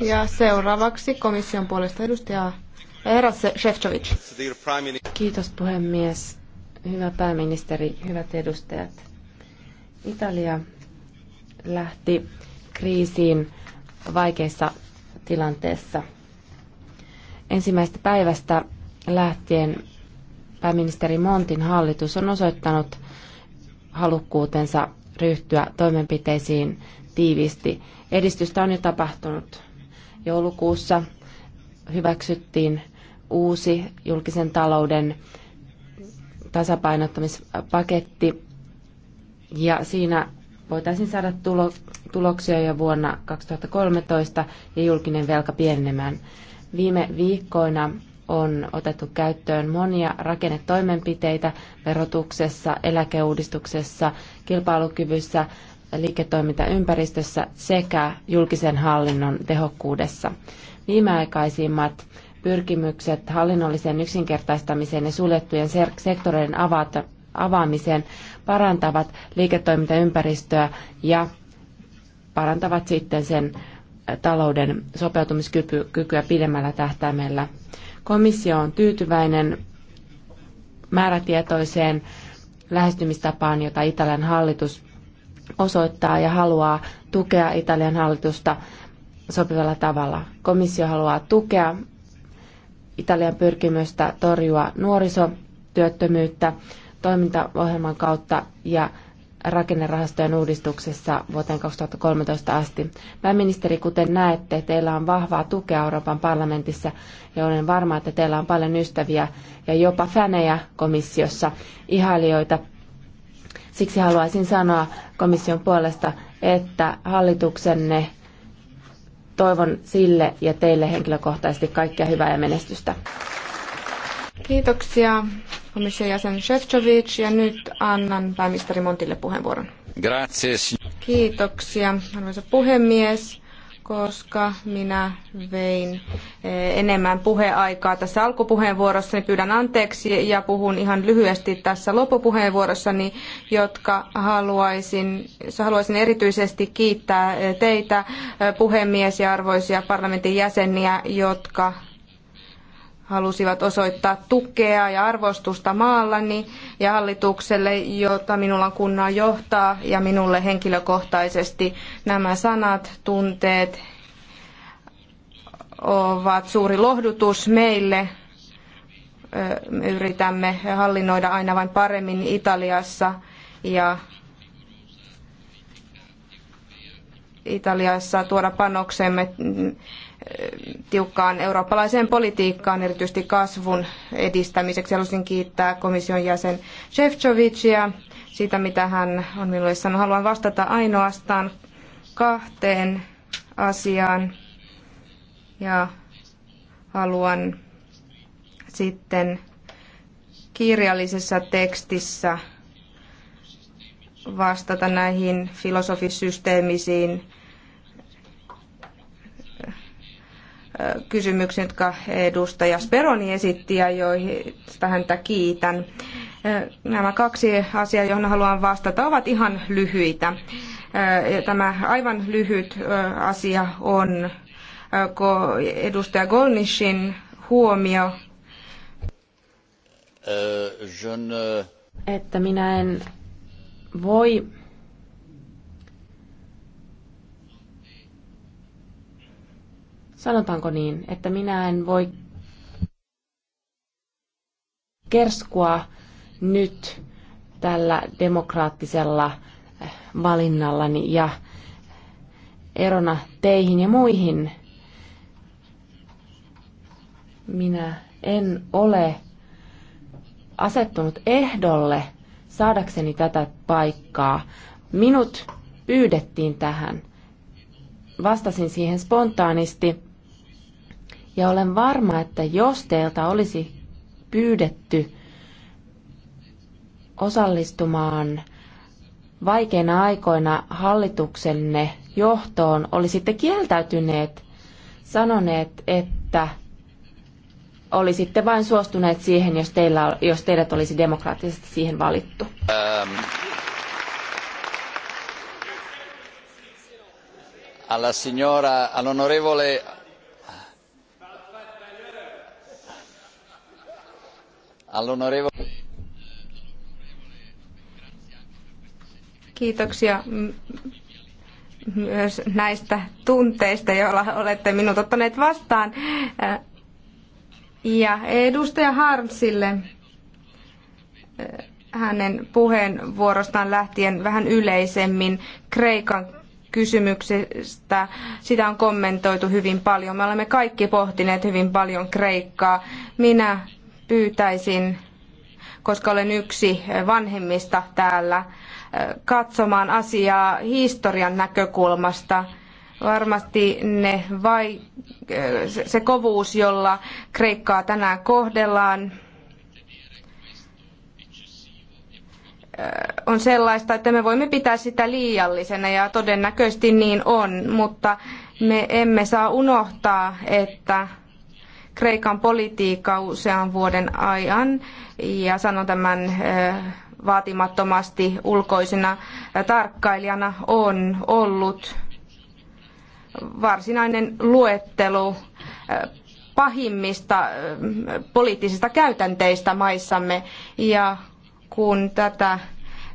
Ja seuraavaksi komission puolesta edustaja Herra Shevchovic. Kiitos puhemies. Hyvä pääministeri, hyvät edustajat. Italia lähti kriisiin vaikeissa tilanteessa. Ensimmäistä päivästä lähtien pääministeri Montin hallitus on osoittanut halukkuutensa ryhtyä toimenpiteisiin tiiviisti. Edistystä on jo tapahtunut. Joulukuussa hyväksyttiin uusi julkisen talouden tasapainottamispaketti ja siinä voitaisiin saada tulo, tuloksia jo vuonna 2013 ja julkinen velka pienemään. Viime viikkoina on otettu käyttöön monia rakennetoimenpiteitä verotuksessa, eläkeuudistuksessa, kilpailukyvyssä, liiketoimintaympäristössä sekä julkisen hallinnon tehokkuudessa. Viimeaikaisimmat pyrkimykset hallinnollisen yksinkertaistamiseen ja suljettujen sektoreiden avaamiseen parantavat liiketoimintaympäristöä ja parantavat sitten sen äh, talouden sopeutumiskykyä pidemmällä tähtäimellä. Komissio on tyytyväinen määrätietoiseen lähestymistapaan, jota Italian hallitus osoittaa ja haluaa tukea Italian hallitusta sopivalla tavalla. Komissio haluaa tukea Italian pyrkimystä torjua nuorisotyöttömyyttä toimintaohjelman kautta ja rakennerahastojen uudistuksessa vuoteen 2013 asti. Pääministeri, kuten näette, teillä on vahvaa tukea Euroopan parlamentissa ja olen varma, että teillä on paljon ystäviä ja jopa fänejä komissiossa, ihailijoita. Siksi haluaisin sanoa komission puolesta, että hallituksenne toivon sille ja teille henkilökohtaisesti kaikkea hyvää ja menestystä. Kiitoksia komission jäsen Shevchovic ja nyt annan pääministeri Montille puheenvuoron. Grazie. Kiitoksia, arvoisa puhemies koska minä vein eh, enemmän puheaikaa tässä alkupuheenvuorossa, niin pyydän anteeksi ja puhun ihan lyhyesti tässä loppupuheenvuorossani, jotka haluaisin, haluaisin erityisesti kiittää eh, teitä eh, puhemies ja arvoisia parlamentin jäseniä, jotka halusivat osoittaa tukea ja arvostusta maallani ja hallitukselle, jota minulla on kunnia johtaa ja minulle henkilökohtaisesti nämä sanat, tunteet ovat suuri lohdutus meille. Me yritämme hallinnoida aina vain paremmin Italiassa ja Italiassa tuoda panoksemme tiukkaan eurooppalaiseen politiikkaan, erityisesti kasvun edistämiseksi. Haluaisin kiittää komission jäsen Shevchovicia siitä, mitä hän on minulle sanonut. Haluan vastata ainoastaan kahteen asiaan ja haluan sitten kirjallisessa tekstissä vastata näihin filosofisysteemisiin kysymyksen, jotka edustaja Speroni esitti ja joista häntä kiitän. Nämä kaksi asiaa, johon haluan vastata, ovat ihan lyhyitä. Tämä aivan lyhyt asia on edustaja Golnishin huomio, että minä en voi sanotaanko niin, että minä en voi kerskua nyt tällä demokraattisella äh, valinnallani ja erona teihin ja muihin. Minä en ole asettunut ehdolle saadakseni tätä paikkaa. Minut pyydettiin tähän. Vastasin siihen spontaanisti ja olen varma, että jos teiltä olisi pyydetty osallistumaan vaikeina aikoina hallituksenne johtoon, olisitte kieltäytyneet, sanoneet, että olisitte vain suostuneet siihen, jos, teillä, jos teidät olisi demokraattisesti siihen valittu? Um. Alla signora, all'onorevole Kiitoksia myös näistä tunteista, joilla olette minut ottaneet vastaan. Ja edustaja Harmsille hänen puheenvuorostaan lähtien vähän yleisemmin Kreikan kysymyksestä. Sitä on kommentoitu hyvin paljon. Me olemme kaikki pohtineet hyvin paljon Kreikkaa. Minä pyytäisin, koska olen yksi vanhemmista täällä, katsomaan asiaa historian näkökulmasta. Varmasti ne vai, se kovuus, jolla Kreikkaa tänään kohdellaan, on sellaista, että me voimme pitää sitä liiallisena ja todennäköisesti niin on, mutta me emme saa unohtaa, että Kreikan politiikka usean vuoden ajan ja sanon tämän eh, vaatimattomasti ulkoisena eh, tarkkailijana on ollut varsinainen luettelo eh, pahimmista poliittisista käytänteistä maissamme ja kun tätä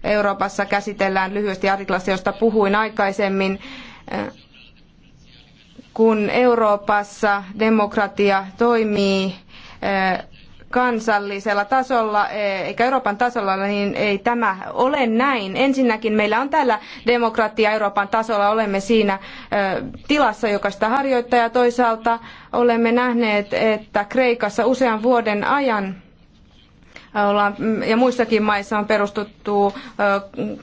Euroopassa käsitellään lyhyesti artiklassa, josta puhuin aikaisemmin, kun Euroopassa demokratia toimii eh, kansallisella tasolla eh, eikä Euroopan tasolla, niin ei tämä ole näin. Ensinnäkin meillä on täällä demokratia Euroopan tasolla, olemme siinä eh, tilassa, joka sitä harjoittaa ja toisaalta olemme nähneet, että Kreikassa usean vuoden ajan mm, ja muissakin maissa on perustuttu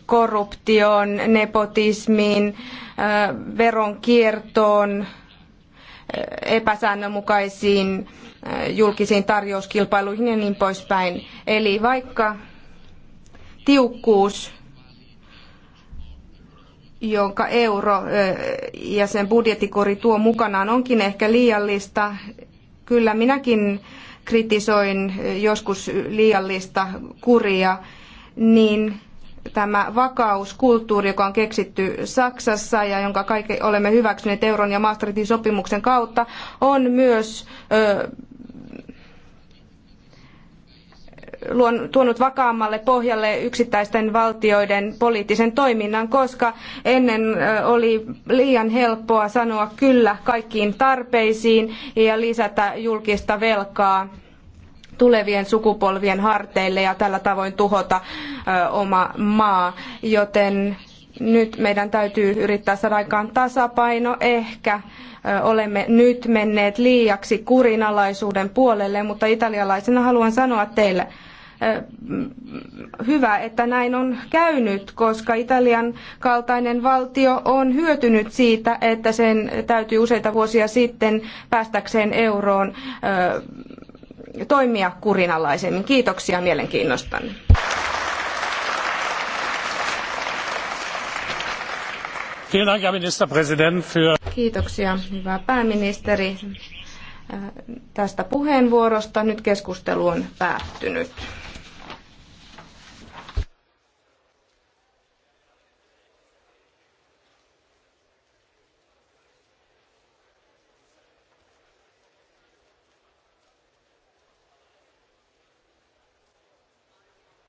korruptioon, nepotismiin, veronkiertoon, epäsäännönmukaisiin äh, julkisiin tarjouskilpailuihin ja niin poispäin. Eli vaikka tiukkuus jonka euro äh, ja sen budjettikori tuo mukanaan onkin ehkä liiallista. Kyllä minäkin kritisoin äh, joskus liiallista kuria, niin tämä vakauskulttuuri, joka on keksitty Saksassa ja jonka kaikki olemme hyväksyneet euron ja Maastrichtin sopimuksen kautta, on myös ö, tuonut vakaammalle pohjalle yksittäisten valtioiden poliittisen toiminnan, koska ennen oli liian helppoa sanoa kyllä kaikkiin tarpeisiin ja lisätä julkista velkaa tulevien sukupolvien harteille ja tällä tavoin tuhota oma maa. Joten nyt meidän täytyy yrittää saada aikaan tasapaino. Ehkä olemme nyt menneet liiaksi kurinalaisuuden puolelle, mutta italialaisena haluan sanoa teille, hyvä, että näin on käynyt, koska Italian kaltainen valtio on hyötynyt siitä, että sen täytyy useita vuosia sitten päästäkseen euroon toimia kurinalaisemmin. Kiitoksia mielenkiinnostanne. Kiitoksia, hyvä pääministeri, äh, tästä puheenvuorosta. Nyt keskustelu on päättynyt.